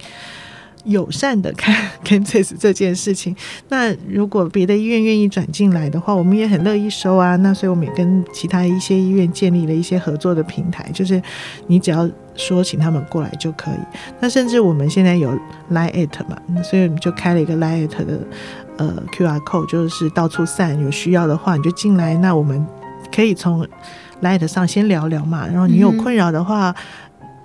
友善的看跟這次這件事情。那如果別的醫院願意轉進來的話，我們也很樂意收啊。那所以我們也跟其他一些醫院建立了一些合作的平台，就是你只要說請他們過來就可以。那甚至我們現在有 LINE@ 嘛，所以我們就開了一個 LINE@ 的呃 QR code，就是到處散，有需要的話你就進來。那我們可以從 LINE@ 上先聊聊嘛，然後你有困擾的話。嗯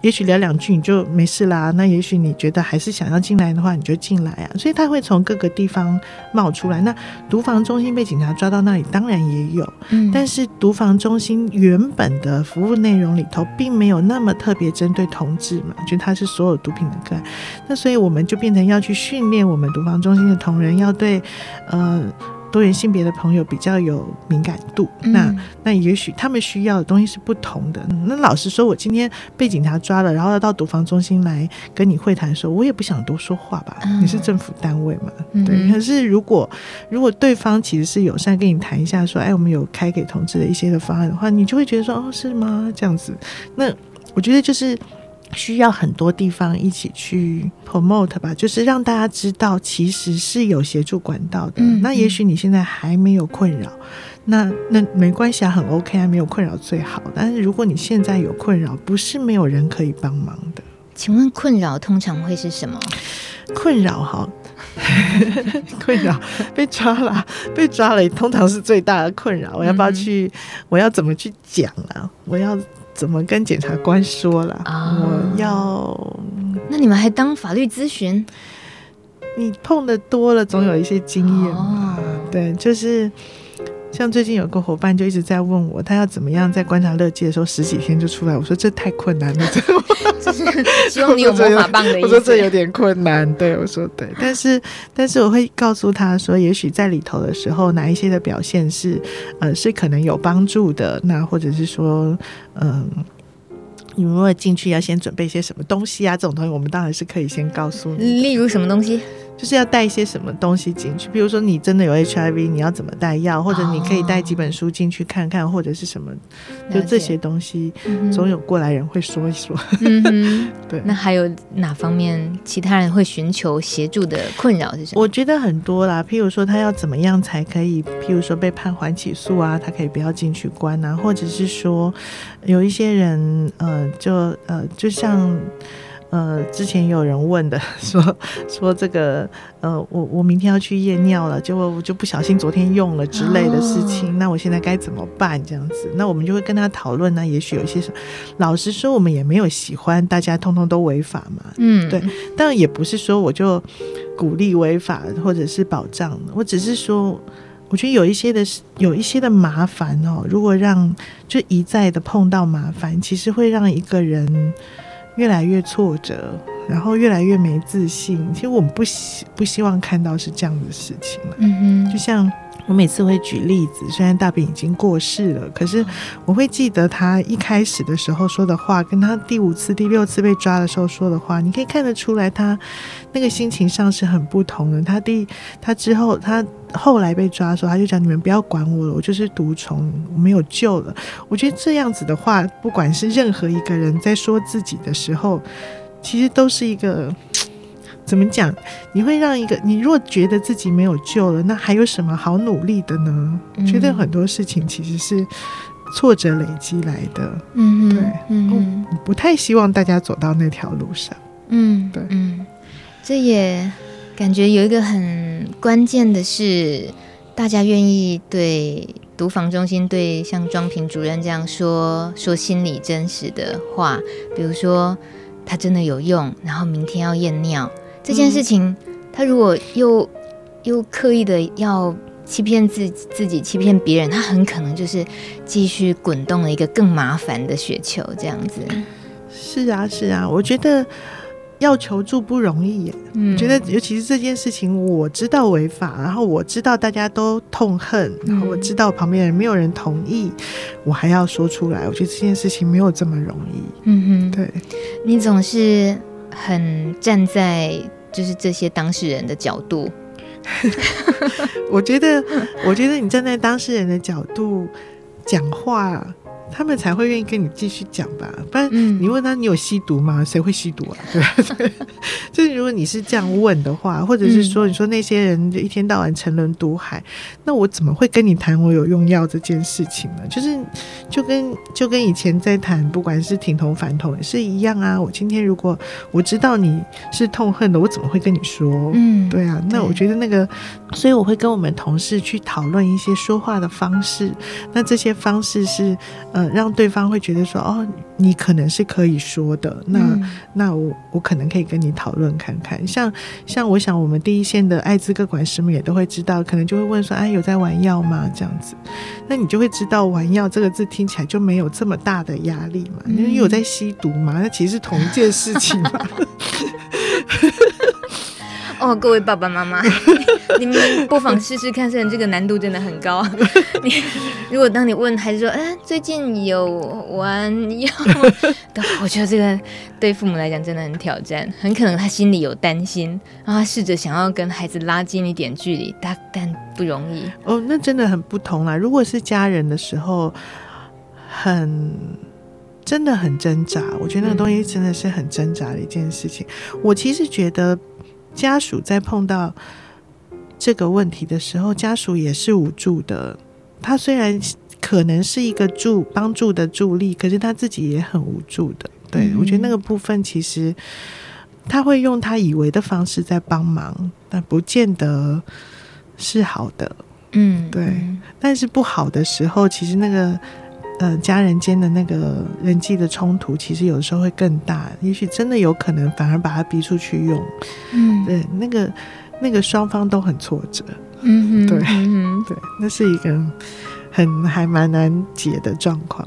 也許聊兩句你就沒事啦，那也許你覺得還是想要進來的話，你就進來啊。所以他會從各個地方冒出來。那毒防中心被警察抓到那裡當然也有，嗯、但是毒防中心原本的服務內容裡頭並沒有那麼特別針對同志嘛，就他是所有毒品的個案，那所以我們就變成要去訓練我們毒防中心的同仁，要對，呃。多元性別的朋友比較有敏感度，那那也許他們需要的東西是不同的、嗯嗯。那老實說，我今天被警察抓了，然後要到毒防中心來跟你會談，說我也不想多說話吧，嗯、你是政府單位嘛，嗯、對。可是如果如果對方其實是友善跟你談一下，說，哎、欸，我們有開給同志的一些的方案的話，你就會覺得說，哦，是嗎？這樣子，那我覺得就是。需要很多地方一起去 promote 吧，就是讓大家知道，其實是有協助管道的。嗯、那也許你現在還沒有困擾，嗯、那那沒關係啊，很 OK 啊，沒有困擾最好。但是如果你現在有困擾，不是沒有人可以幫忙的。請問困擾通常會是什麼？困擾？哈， 困擾被抓了，被抓了，通常是最大的困擾。我要不要去？嗯嗯，我要怎麼去講啊？我要。怎麼跟檢察官說了？啊、我要，那你們還當法律諮詢？你碰的多了，總有一些經驗嘛。啊、對，就是。像最近有個夥伴就一直在問我，他要怎麼樣在觀察勒戒的時候十幾天就出來？我說這太困難了，希望 你有辦法幫。我說這有點困難，對，我說對，但是但是我會告訴他說，也許在裡頭的時候，哪一些的表現是呃是可能有幫助的，那或者是說嗯、呃，你如果進去要先準備一些什麼東西啊，這種東西我們當然是可以先告訴你，例如什麼東西。就是要帶一些什麼東西進去，比如說你真的有 HIV，你要怎麼帶藥，或者你可以帶幾本書進去看看，哦、或者是什麼，了解，就這些東西。嗯、哼總有過來人會說一說。嗯、哼 對，那還有哪方面其他人會尋求協助的困擾，這些我覺得很多啦，譬如說他要怎麼樣才可以，譬如說被判緩起訴啊，他可以不要進去關啊，或者是說有一些人，呃，就呃，就像。嗯呃，之前有人問的，說說這個，呃，我我明天要去驗尿了，結果我就不小心昨天用了之類的事情，哦、那我現在該怎麼辦？這樣子，那我們就會跟他討論呢。也許有一些什麼，老實說，我們也沒有喜歡，大家通通都違法嘛。嗯，對，但也不是說我就鼓勵違法或者是保障，我只是說，我覺得有一些的，有一些的麻煩哦、喔。如果讓就一再的碰到麻煩，其實會讓一個人。越來越挫折，然後越來越沒自信。其實我們不希不希望看到是這樣的事情了。嗯哼，就像。我每次會舉例子，雖然大餅已經過世了，可是我會記得他一開始的時候說的話，跟他第五次、第六次被抓的時候說的話，你可以看得出來，他那個心情上是很不同的。他第他之後，他後來被抓的時候，他就講：“你們不要管我了，我就是毒蟲，我沒有救了。”我覺得這樣子的話，不管是任何一個人在說自己的時候，其實都是一個。怎麼講？你會讓一個你若覺得自己沒有救了，那還有什麼好努力的呢？嗯、覺得很多事情其實是挫折累積來的。嗯對，嗯，嗯，嗯，不太希望大家走到那條路上。嗯，對，嗯，這也感覺有一個很關鍵的是，大家願意對毒防中心對像莊蘋主任這樣說說心裡真實的話，比如說他真的有用，然後明天要驗尿。這件事情，他如果又又刻意的要欺騙自己，自己欺騙別人，他很可能就是繼續滾動了一個更麻煩的雪球，這樣子。是啊，是啊，我覺得要求助不容易。嗯，覺得尤其是這件事情，我知道違法，然後我知道大家都痛恨，嗯、然後我知道旁邊人沒有人同意，我還要說出來，我覺得這件事情沒有這麼容易。嗯哼，對，你總是。很站在就是這些當事人的角度， 我覺得，我覺得你站在當事人的角度講話，啊。他們才會願意跟你繼續講吧？不然你問他，你有吸毒嗎？誰、嗯、會吸毒啊？對吧？ 就是如果你是這樣問的話，或者是說，你說那些人一天到晚沉淪毒海，那我怎麼會跟你談我有用藥這件事情呢？就是就跟就跟以前在談，不管是挺同反同也是一樣啊。我今天如果我知道你是痛恨的，我怎麼會跟你說？嗯，對啊。那我覺得那個，對所以我會跟我們同事去討論一些說話的方式。那這些方式是，呃。讓對方會覺得說哦，你可能是可以說的，那、嗯、那我我可能可以跟你討論看看。像像我想，我們第一線的艾滋個管師們也都會知道，可能就會問說，哎，有在玩藥嗎？這樣子，那你就會知道“玩藥”這個字聽起來就沒有這麼大的壓力嘛，嗯、因為有在吸毒嘛，那其實是同一件事情嘛。 哦，各位爸爸媽媽，你們不妨試試看。雖然這個難度真的很高，你如果當你問孩子說：“哎、欸，最近有玩嗎？” 我覺得這個對父母來講真的很挑戰。很可能他心裡有擔心，然後他試着想要跟孩子拉近一點距離，但但不容易。哦，那真的很不同啦。如果是家人的時候，很真的很掙扎。我覺得那個東西真的是很掙扎的一件事情。嗯、我其實覺得。家屬在碰到這個問題的時候，家屬也是無助的。他雖然可能是一個助幫助的助力，可是他自己也很無助的。對，嗯，我覺得那個部分，其實他會用他以為的方式在幫忙，但不見得是好的。嗯，對。但是不好的時候，其實那個。呃，家人間的那個人際的衝突，其實有時候會更大。也許真的有可能，反而把他逼出去用，嗯，對，那個那個雙方都很挫折，嗯哼，對，對、嗯哼、對，那是一個很還蠻難解的狀況。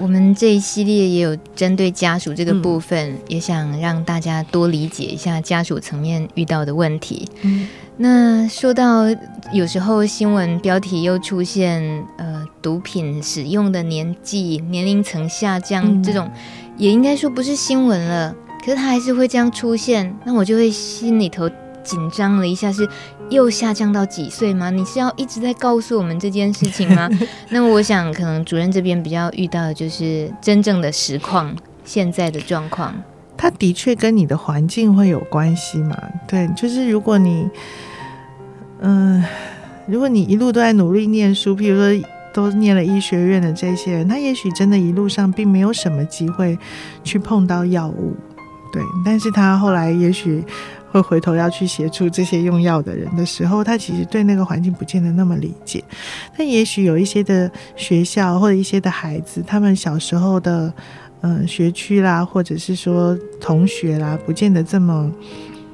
我們這一系列也有針對家屬這個部分，嗯、也想讓大家多理解一下家屬層面遇到的問題。嗯。那說到有時候新聞標題又出現，呃，毒品使用的年紀年齡層下降、嗯、這種，也應該說不是新聞了，可是它還是會這樣出現，那我就會心裡頭緊張了一下是，是又下降到幾歲嗎？你是要一直在告訴我們這件事情嗎？ 那麼我想，可能主任這邊比較遇到的就是真正的實況，現在的狀況。他的確跟你的環境會有關係嘛？對，就是如果你，嗯，如果你一路都在努力念書，譬如說都念了醫學院的這些人，他也許真的一路上並沒有什麼機會去碰到藥物，對。但是他後來也許會回頭要去協助這些用藥的人的時候，他其實對那個環境不見得那麼理解。但也許有一些的學校或者一些的孩子，他們小時候的。嗯，學區啦，或者是說同學啦，不見得這麼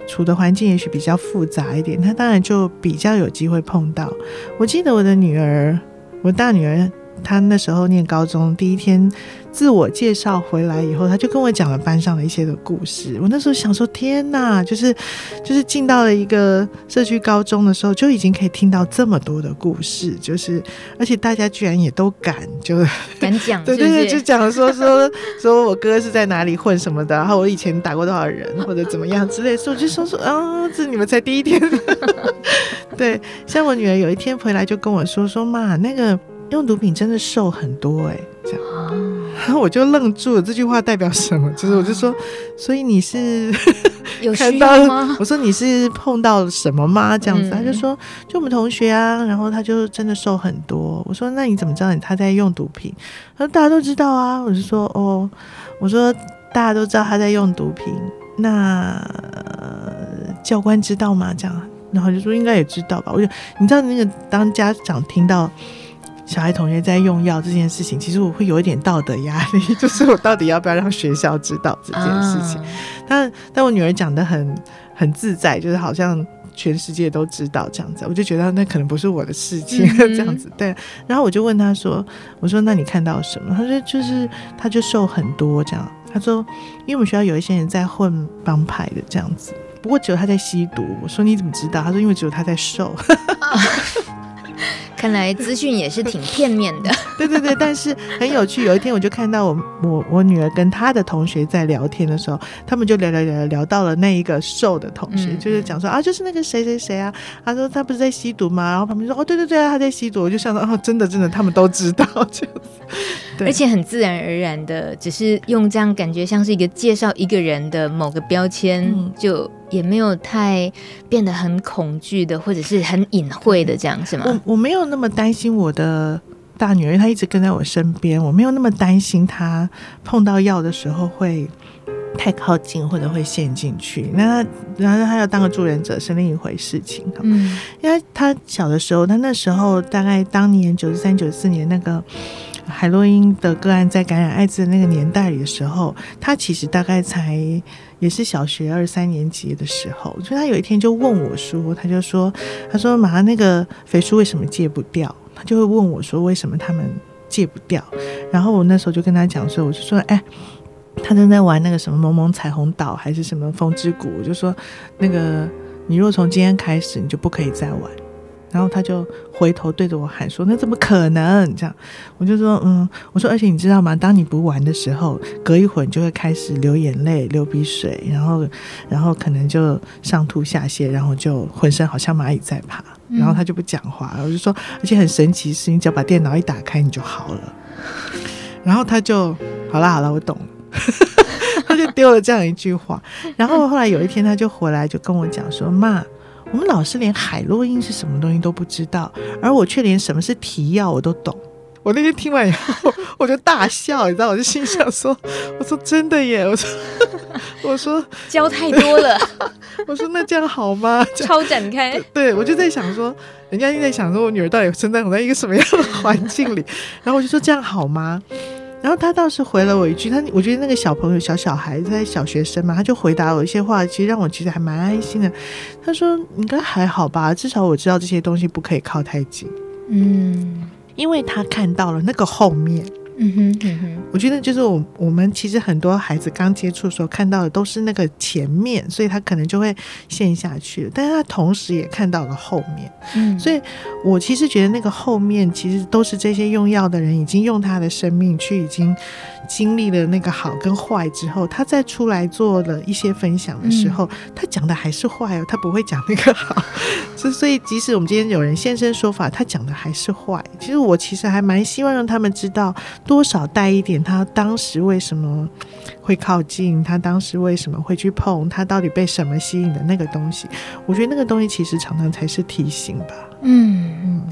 處的環境，也許比較複雜一點，他當然就比較有機會碰到。我記得我的女兒，我大女兒。他那時候念高中第一天自我介紹回來以後，他就跟我講了班上的一些的故事。我那時候想說，天哪，就是就是進到了一個社區高中的時候，就已經可以聽到這麼多的故事，就是而且大家居然也都敢就敢講，對對 對，是是，就講說說說我哥是在哪裡混什麼的，然後我以前打過多少人或者怎麼樣之類的，所以我就說說啊、哦，這你們才第一天， 對。像我女兒有一天回來就跟我說說，媽那個。用毒品真的瘦很多哎、欸，這樣，然後、啊、 我就愣住了。這句話代表什麼？啊、就是我就說，所以你是 看到了嗎？ 我說你是碰到什麼嗎？這樣子，嗯、他就說，就我們同學啊，然後他就真的瘦很多。我說那你怎麼知道他在用毒品？他說大家都知道啊。我就說哦，我說大家都知道他在用毒品，那、呃、教官知道嗎？這樣，然後就說應該也知道吧。我就你知道那個當家長聽到。小孩同學在用藥這件事情，其實我會有一點道德壓力，就是我到底要不要讓學校知道這件事情？ 但但我女兒講得很很自在，就是好像全世界都知道這樣子，我就覺得那可能不是我的事情這樣子。嗯嗯對，然後我就問他說：“我說，那你看到什麼？”他說：“就是他就瘦很多這樣。”他說：“因為我們學校有一些人在混幫派的這樣子，不過只有他在吸毒。”我說：“你怎麼知道？”他說：“因為只有他在瘦。 ” 看來資訊也是挺片面的。 對對對，但是很有趣。有一天我就看到我我我女兒跟她的同學在聊天的時候，他們就聊了聊聊聊到了那一個瘦的同學，嗯嗯就是講說啊，就是那個誰誰誰啊，他、啊、說他不是在吸毒嗎？然後旁邊說哦，對對對啊，他在吸毒，我就想到，哦、啊，真的真的，他們都知道，就是。對而且很自然而然的，只是用這樣感覺像是一個介紹一個人的某個標籤，嗯、就也沒有太變得很恐懼的，或者是很隱晦的這樣，對是嗎？我我沒有。那麼擔心我的大女兒，她一直跟在我身邊，我沒有那麼擔心她碰到藥的時候會太靠近或者會陷進去。那然後她要當個助人者是另一回事情。嗯，因為她小的時候，她那時候大概當年九十三九四年那個。海洛因的個案在感染艾滋的那個年代裡的時候，他其實大概才也是小學二三年級的時候，所以他有一天就問我說，他就說，他說，馬上那個肥叔為什麼戒不掉？他就會問我說，為什麼他們戒不掉？然後我那時候就跟他講說，我就說，哎、欸，他正在玩那個什麼《萌萌彩虹島》還是什麼《風之谷》，我就說，那個你若從今天開始，你就不可以再玩。然後他就回頭對着我喊說：“那怎麼可能？”這樣，我就說：“嗯，我說，而且你知道嗎？當你不玩的時候，隔一會兒你就會開始流眼淚、流鼻水，然後，然後可能就上吐下瀉，然後就渾身好像螞蟻在爬。然後他就不講話，我就說，而且很神奇的是，你只要把電腦一打開，你就好了。然後他就好了，好了，我懂了， 他就丟了這樣一句話。然後後來有一天，他就回來就跟我講說，媽。”我們老師連海洛因是什麼東西都不知道，而我卻連什麼是提藥我都懂。我那天聽完以後我，我就大笑，你知道，我就心想說：“我說真的耶，我說，我說教太多了， 我說那這樣好嗎？ 超展開，對我就在想說，人家就在想說，我女兒到底生長在一個什麼樣的環境裡？然後我就說這樣好嗎？”然後他倒是回了我一句，他我覺得那個小朋友小小孩，在小學生嘛，他就回答我一些話，其實讓我其實還蠻安心的。他說：“應該還好吧？至少我知道這些東西不可以靠太近。”嗯，因為他看到了那個後面。嗯哼，嗯哼，我覺得就是我們、我們其實很多孩子剛接觸的時候，看到的都是那個前面，所以他可能就會陷下去，但是他同時也看到了後面，嗯，所以我其實覺得那個後面其實都是這些用藥的人已經用他的生命去已經。經歷了那個好跟壞之後，他再出來做了一些分享的時候，嗯、他講的還是壞哦，他不會講那個好。 所以即使我們今天有人現身說法，他講的還是壞。其實我其實還蠻希望讓他們知道多少帶一點他當時為什麼會靠近，他當時為什麼會去碰，他到底被什麼吸引的那個東西。我覺得那個東西其實常常才是提醒吧。嗯嗯，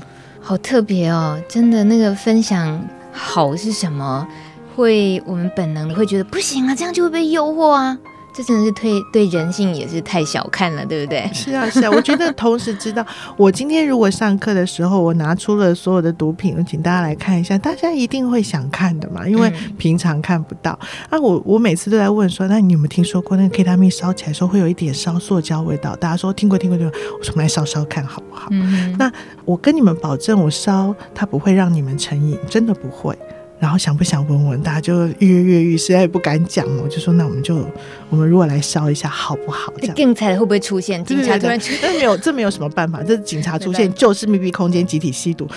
好特別哦，真的那個分享好是什麼？會，我們本能的會覺得不行啊，這樣就會被誘惑啊，這真的是對對人性也是太小看了，對不對？是啊，是啊，我覺得同時知道， 我今天如果上課的時候，我拿出了所有的毒品，請大家來看一下，大家一定會想看的嘛，因為平常看不到。嗯、啊，我我每次都在問說，那你有沒有聽說過那個 K 他命燒起來時候會有一點燒塑膠味道？大家說聽過聽過聽過？我說我們來燒燒看好不好？嗯、那我跟你們保證，我燒它不會讓你們成癮，真的不會。然後想不想聞聞？大家就躍躍欲試，實在也不敢講。我就說，那我們就我們如果來燒一下，好不好？這樣這警察會不會出現？警察突然出現，但沒有，這沒有什麼辦法。這警察出現就是密閉空間集體吸毒，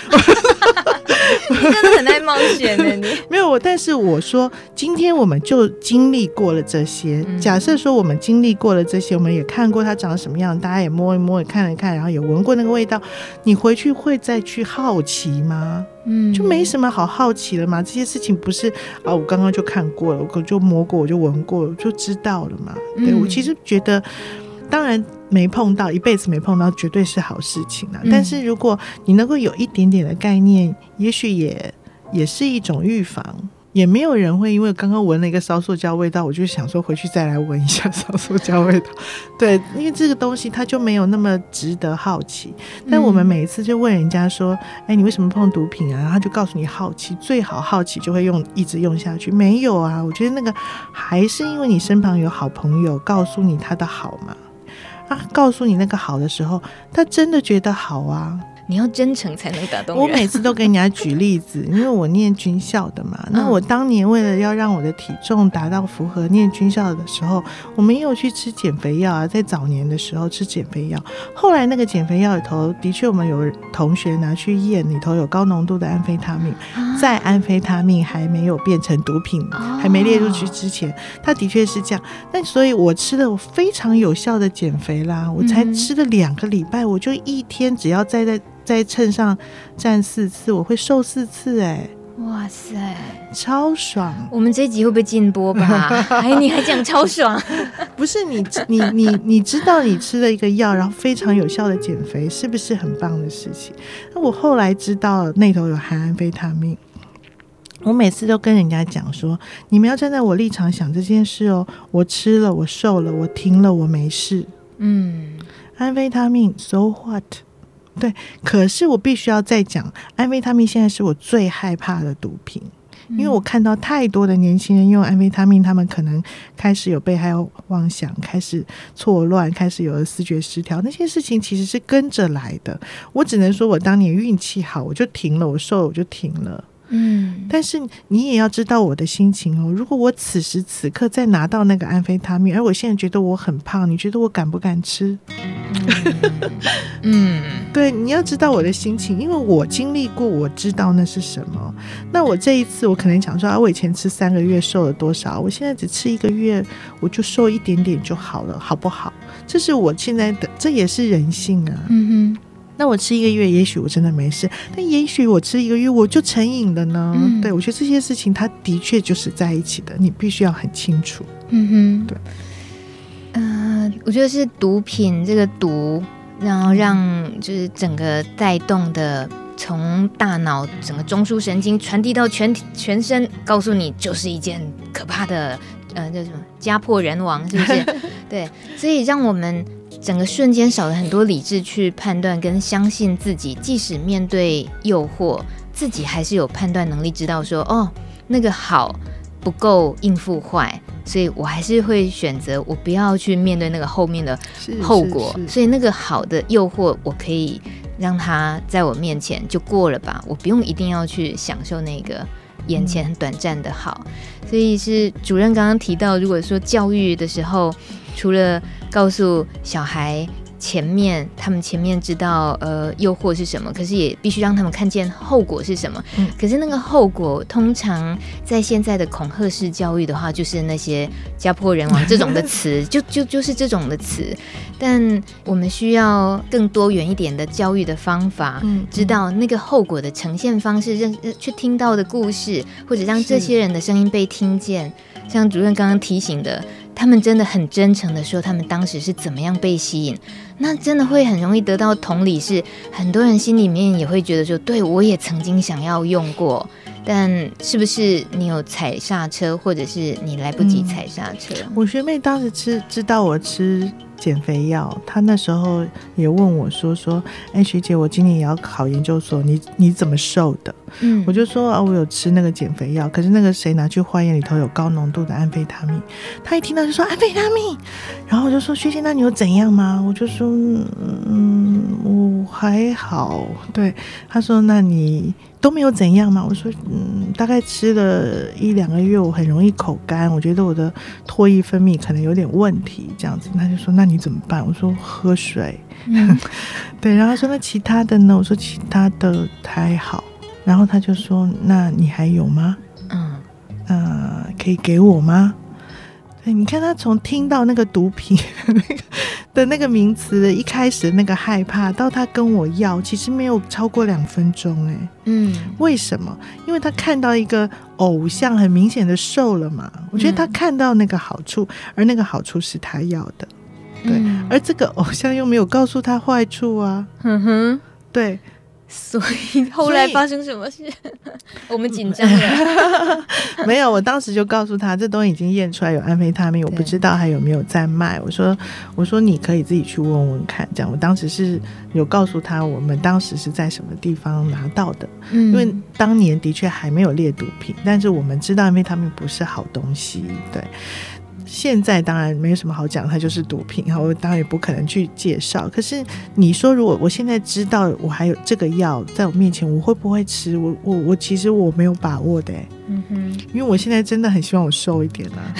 你真的很愛冒險的，欸、你沒有我，但是我說，今天我們就經歷過了這些。嗯、假設說我們經歷過了這些，我們也看過它長什麼樣，大家也摸一摸，也看了看，然後也聞過那個味道。你回去會再去好奇嗎？就沒什麼好好奇了嘛。這些事情不是啊，哦，我剛剛就看過了，我就摸過，我就聞過了，我就知道了嘛。嗯、對，我其實覺得當然沒碰到，一輩子沒碰到，絕對是好事情啊。嗯、但是如果你能夠有一點點的概念，也許也也是一種預防。也沒有人會因為剛剛聞了一個燒塑膠味道，我就想說回去再來聞一下燒塑膠味道。 對，因為這個東西它就沒有那麼值得好奇。但我們每一次就問人家說：“哎、嗯欸，你為什麼碰毒品啊？”然後就告訴你好奇，最好好奇就會用一直用下去。沒有啊，我覺得那個還是因為你身旁有好朋友告訴你他的好嘛，啊，告訴你那個好的時候，他真的覺得好啊。你要真誠才能打動人。我每次都給你來舉例子， 因為我念軍校的嘛。那我當年為了要讓我的體重達到符合念軍校的時候，我們也有去吃減肥藥啊。在早年的時候吃減肥藥，後來那個減肥藥裡頭，的確我們有同學拿去驗，裡頭有高濃度的安非他命。在、啊、安非他命還沒有變成毒品，還沒列入去之前，哦、它的確是這樣。那所以，我吃的我非常有效的減肥啦。我才吃了兩個禮拜，我就一天只要在在。在秤上站四次，我會瘦四次。欸，哎，哇塞，超爽！我們這一集會不會禁播吧？ 哎，你還講超爽？ 不是你，你，你，你知道你吃了一個藥，然後非常有效的減肥，是不是很棒的事情？那我後來知道那頭有含安非他命，我每次都跟人家講說，你們要站在我立場想這件事哦，我吃了，我瘦了，我停了，我沒事。嗯，安非他命，so what？對，可是我必須要再講，安非他命現在是我最害怕的毒品，因為我看到太多的年輕人用安非他命，他們可能開始有被害妄想，開始錯亂，開始有了思覺失調，那些事情其實是跟着來的。我只能說我當年運氣好，我就停了，我瘦了我就停了。嗯，但是你也要知道我的心情哦。如果我此時此刻再拿到那個安非他命，而我現在覺得我很胖，你覺得我敢不敢吃？嗯， 嗯，對，你要知道我的心情，因為我經歷過，我知道那是什麼。那我這一次我可能想說啊，我以前吃三個月瘦了多少，我現在只吃一個月，我就瘦一點點就好了，好不好？這是我現在的，這也是人性啊。嗯哼。那我吃一個月，也許我真的沒事，但也許我吃一個月我就成癮了呢？嗯、對，我覺得這些事情，它的確就是在一起的，你必須要很清楚。嗯哼，對。嗯、呃，我覺得是毒品這個毒，然後讓就是整個帶動的，從大腦整個中樞神經傳遞到全體全身，告訴你就是一件可怕的，嗯、呃，叫、就是、什麼？家破人亡是不是？ 對，所以讓我們。整個瞬間少了很多理智去判斷跟相信自己，即使面對誘惑，自己還是有判斷能力，知道說哦，那個好不夠應付壞，所以我還是會選擇我不要去面對那個後面的後果。所以那個好的誘惑，我可以讓他在我面前就過了吧，我不用一定要去享受那個眼前很短暫的好。所以是主任剛剛提到，如果說教育的時候，除了告訴小孩前面，他們前面知道呃誘惑是什麼，可是也必須讓他們看見後果是什麼。嗯，可是那個後果通常在現在的恐嚇式教育的話，就是那些家破人亡這種的詞， 就就就是這種的詞。但我們需要更多元一點的教育的方法，嗯，知道那個後果的呈現方式，認去聽到的故事，或者讓這些人的聲音被聽見。是像主任剛剛提醒的。他們真的很真誠地說，他們當時是怎麼樣被吸引，那真的會很容易得到同理是，是很多人心裡面也會覺得說，對，我也曾經想要用過，但是不是你有踩剎車，或者是你來不及踩剎車？嗯，我學妹當時吃，知道我吃減肥藥，他那時候也問我說，說說，哎、欸，學姐，我今年也要考研究所，你你怎麼瘦的？嗯，我就說啊，我有吃那個減肥藥，可是那個誰拿去化驗裡頭有高濃度的安非他命。他一聽到就說安非他命，然後我就說，學姐，那你有怎樣嗎？我就說，嗯，我還好。對，他說，那你都沒有怎樣嗎？我說，嗯，大概吃了一兩個月，我很容易口乾，我覺得我的唾液分泌可能有點問題，這樣子。他就說，那。你怎麼辦？我說喝水。嗯、 對，然後他說，那其他的呢？我說其他的還好。然後他就說，那你還有嗎？嗯，呃，可以給我嗎？對，你看他從聽到那個毒品的的那個名詞，一開始那個害怕，到他跟我要，其實沒有超過兩分鐘。哎，嗯，為什麼？因為他看到一個偶像很明顯的瘦了嘛，我覺得他看到那個好處，嗯、而那個好處是他要的。對，嗯、而這個偶像又沒有告訴他壞處啊。嗯哼，對，所以後來發生什麼事，以 我們緊張。沒有，我當時就告訴他，這東西已經驗出來有安非他命，對我不知道還有沒有在賣。我說，我說你可以自己去問問看。這樣，我當時是有告訴他，我們當時是在什麼地方拿到的。嗯，因為當年的確還沒有列毒品，但是我們知道安非他命不是好東西。對。現在當然沒有什麼好講，它就是毒品哈。我當然也不可能去介紹。可是你說，如果我現在知道我還有這個藥在我面前，我會不會吃？我我我其實我沒有把握的、欸，嗯哼，因為我現在真的很希望我瘦一點啊。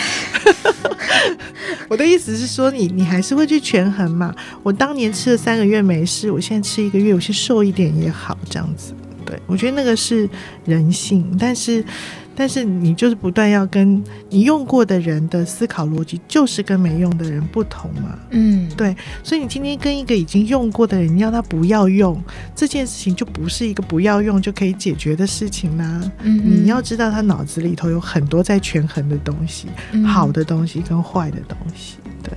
我的意思是說你，你你還是會去權衡嘛？我當年吃了三個月沒事，我現在吃一個月，我去瘦一點也好，這樣子。對，我覺得那個是人性，但是。但是你就是不斷要跟你用過的人的思考邏輯，就是跟沒用的人不同嘛、啊。嗯，對。所以你今天跟一個已經用過的人，你要他不要用這件事情，就不是一個不要用就可以解決的事情啦、啊。嗯哼，你要知道他腦子裡頭有很多在權衡的東西，嗯、好的東西跟壞的東西。對，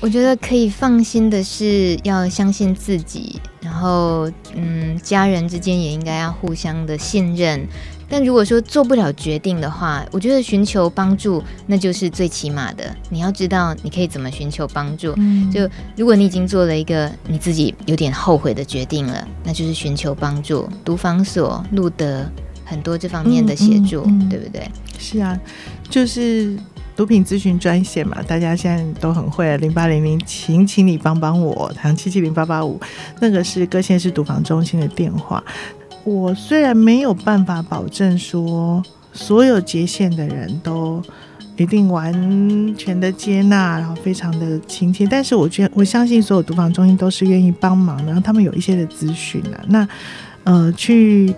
我覺得可以放心的是要相信自己，然後嗯，家人之間也應該要互相的信任。但如果說做不了決定的話，我覺得尋求幫助那就是最起碼的。你要知道你可以怎麼尋求幫助。嗯、就如果你已經做了一個你自己有點後悔的決定了，那就是尋求幫助。毒防所、露德很多這方面的協助，嗯嗯嗯、對不對？是啊，就是毒品諮詢專線嘛。大家現在都很會零八零零，800，請請你幫幫我。唐七七零八八五，那個是各縣市毒防中心的電話。我雖然沒有辦法保證說所有接線的人都一定完全的接納，然後非常的親切，但是我覺得我相信所有毒防中心都是願意幫忙的，然後他們有一些的資訊啊，那呃去。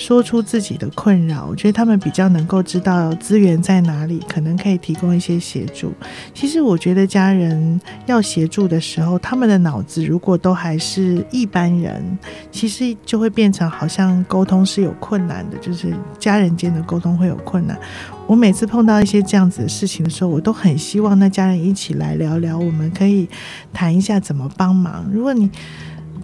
說出自己的困擾，我覺得他們比較能夠知道資源在哪裡，可能可以提供一些協助。其實我覺得家人要協助的時候，他們的腦子如果都還是一般人，其實就會變成好像溝通是有困難的，就是家人間的溝通會有困難。我每次碰到一些這樣子的事情的時候，我都很希望那家人一起來聊聊，我們可以談一下怎麼幫忙。如果你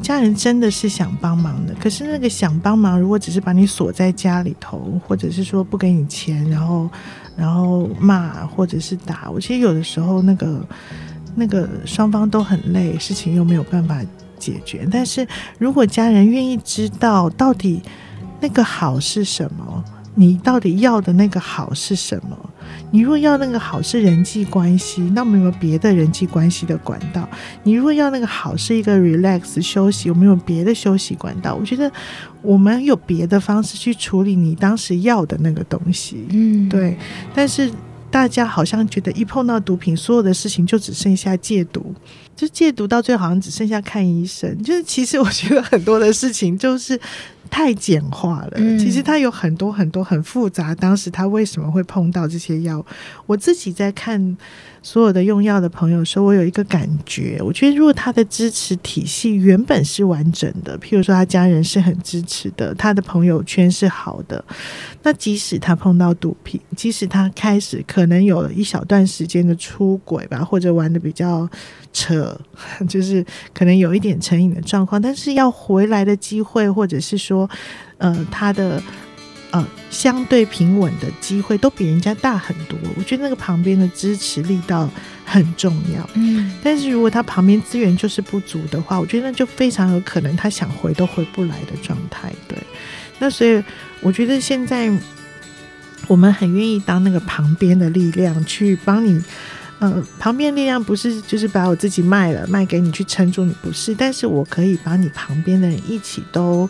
家人真的是想幫忙的，可是那個想幫忙，如果只是把你鎖在家裡頭，或者是說不給你錢，然後，然後罵或者是打，我其實有的時候那個那個雙方都很累，事情又沒有辦法解決。但是如果家人願意知道到底那個好是什麼。你到底要的那個好是什麼？你如果要那個好是人際關係，那我們有沒有別的人際關係的管道？你如果要那個好是一個 relax 休息，我們有沒有別的休息管道？我覺得我們有別的方式去處理你當時要的那個東西。嗯，對。但是大家好像覺得一碰到毒品，所有的事情就只剩下戒毒，就戒毒到最後好像只剩下看醫生。就是其實我覺得很多的事情就是。太簡化了，嗯、其實它有很多很多很複雜。當時他為什麼會碰到這些藥？我自己在看。所有的用藥的朋友說，我有一個感覺，我覺得如果他的支持體系原本是完整的，譬如說他家人是很支持的，他的朋友圈是好的，那即使他碰到毒品，即使他開始可能有了一小段時間的出軌吧，或者玩得比較扯，就是可能有一點成癮的狀況，但是要回來的機會，或者是說，呃，他的。相對平穩的機會都比人家大很多，我覺得那個旁邊的支持力道很重要。嗯，但是如果他旁邊資源就是不足的話，我覺得那就非常有可能他想回都回不來的狀態。對，那所以我覺得現在我們很願意當那個旁邊的力量去幫你。嗯、呃，旁邊力量不是就是把我自己賣了賣給你去撐住你，不是，但是我可以把你旁邊的人一起都。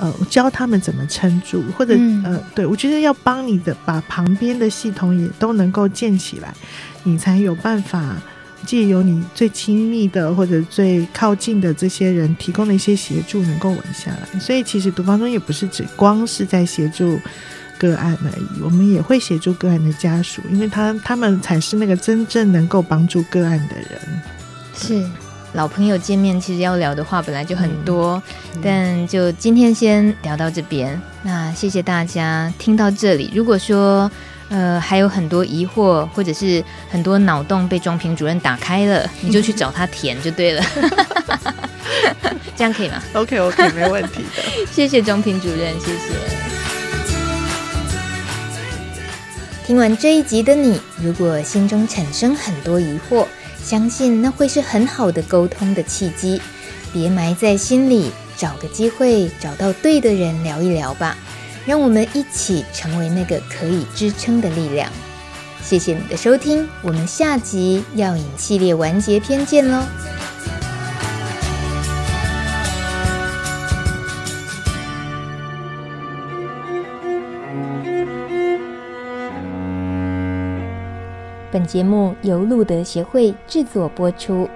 呃，教他們怎麼撐住，或者、嗯、呃，對我覺得要幫你的，把旁邊的系統也都能夠建起來，你才有辦法借由你最親密的或者最靠近的這些人提供的一些協助，能夠穩下來。所以其實毒防中也不是只光是在協助個案而已，我們也會協助個案的家屬，因為他他們才是那個真正能夠幫助個案的人。是。老朋友見面，其實要聊的話本來就很多，嗯嗯、但就今天先聊到這邊。那謝謝大家聽到這裡。如果說呃還有很多疑惑，或者是很多腦洞被莊蘋主任打開了，你就去找他填就對了。 這樣可以嗎？OK OK，沒問題的。 謝謝莊蘋主任，謝謝。聽完這一集的你，如果心中產生很多疑惑，相信那會是很好的溝通的契機，別埋在心裡，找個機會找到對的人聊一聊吧。讓我們一起成為那個可以支撐的力量。謝謝你的收聽，我們下集《藥癮》系列完結篇見嘍。本節目由路德協會製作播出。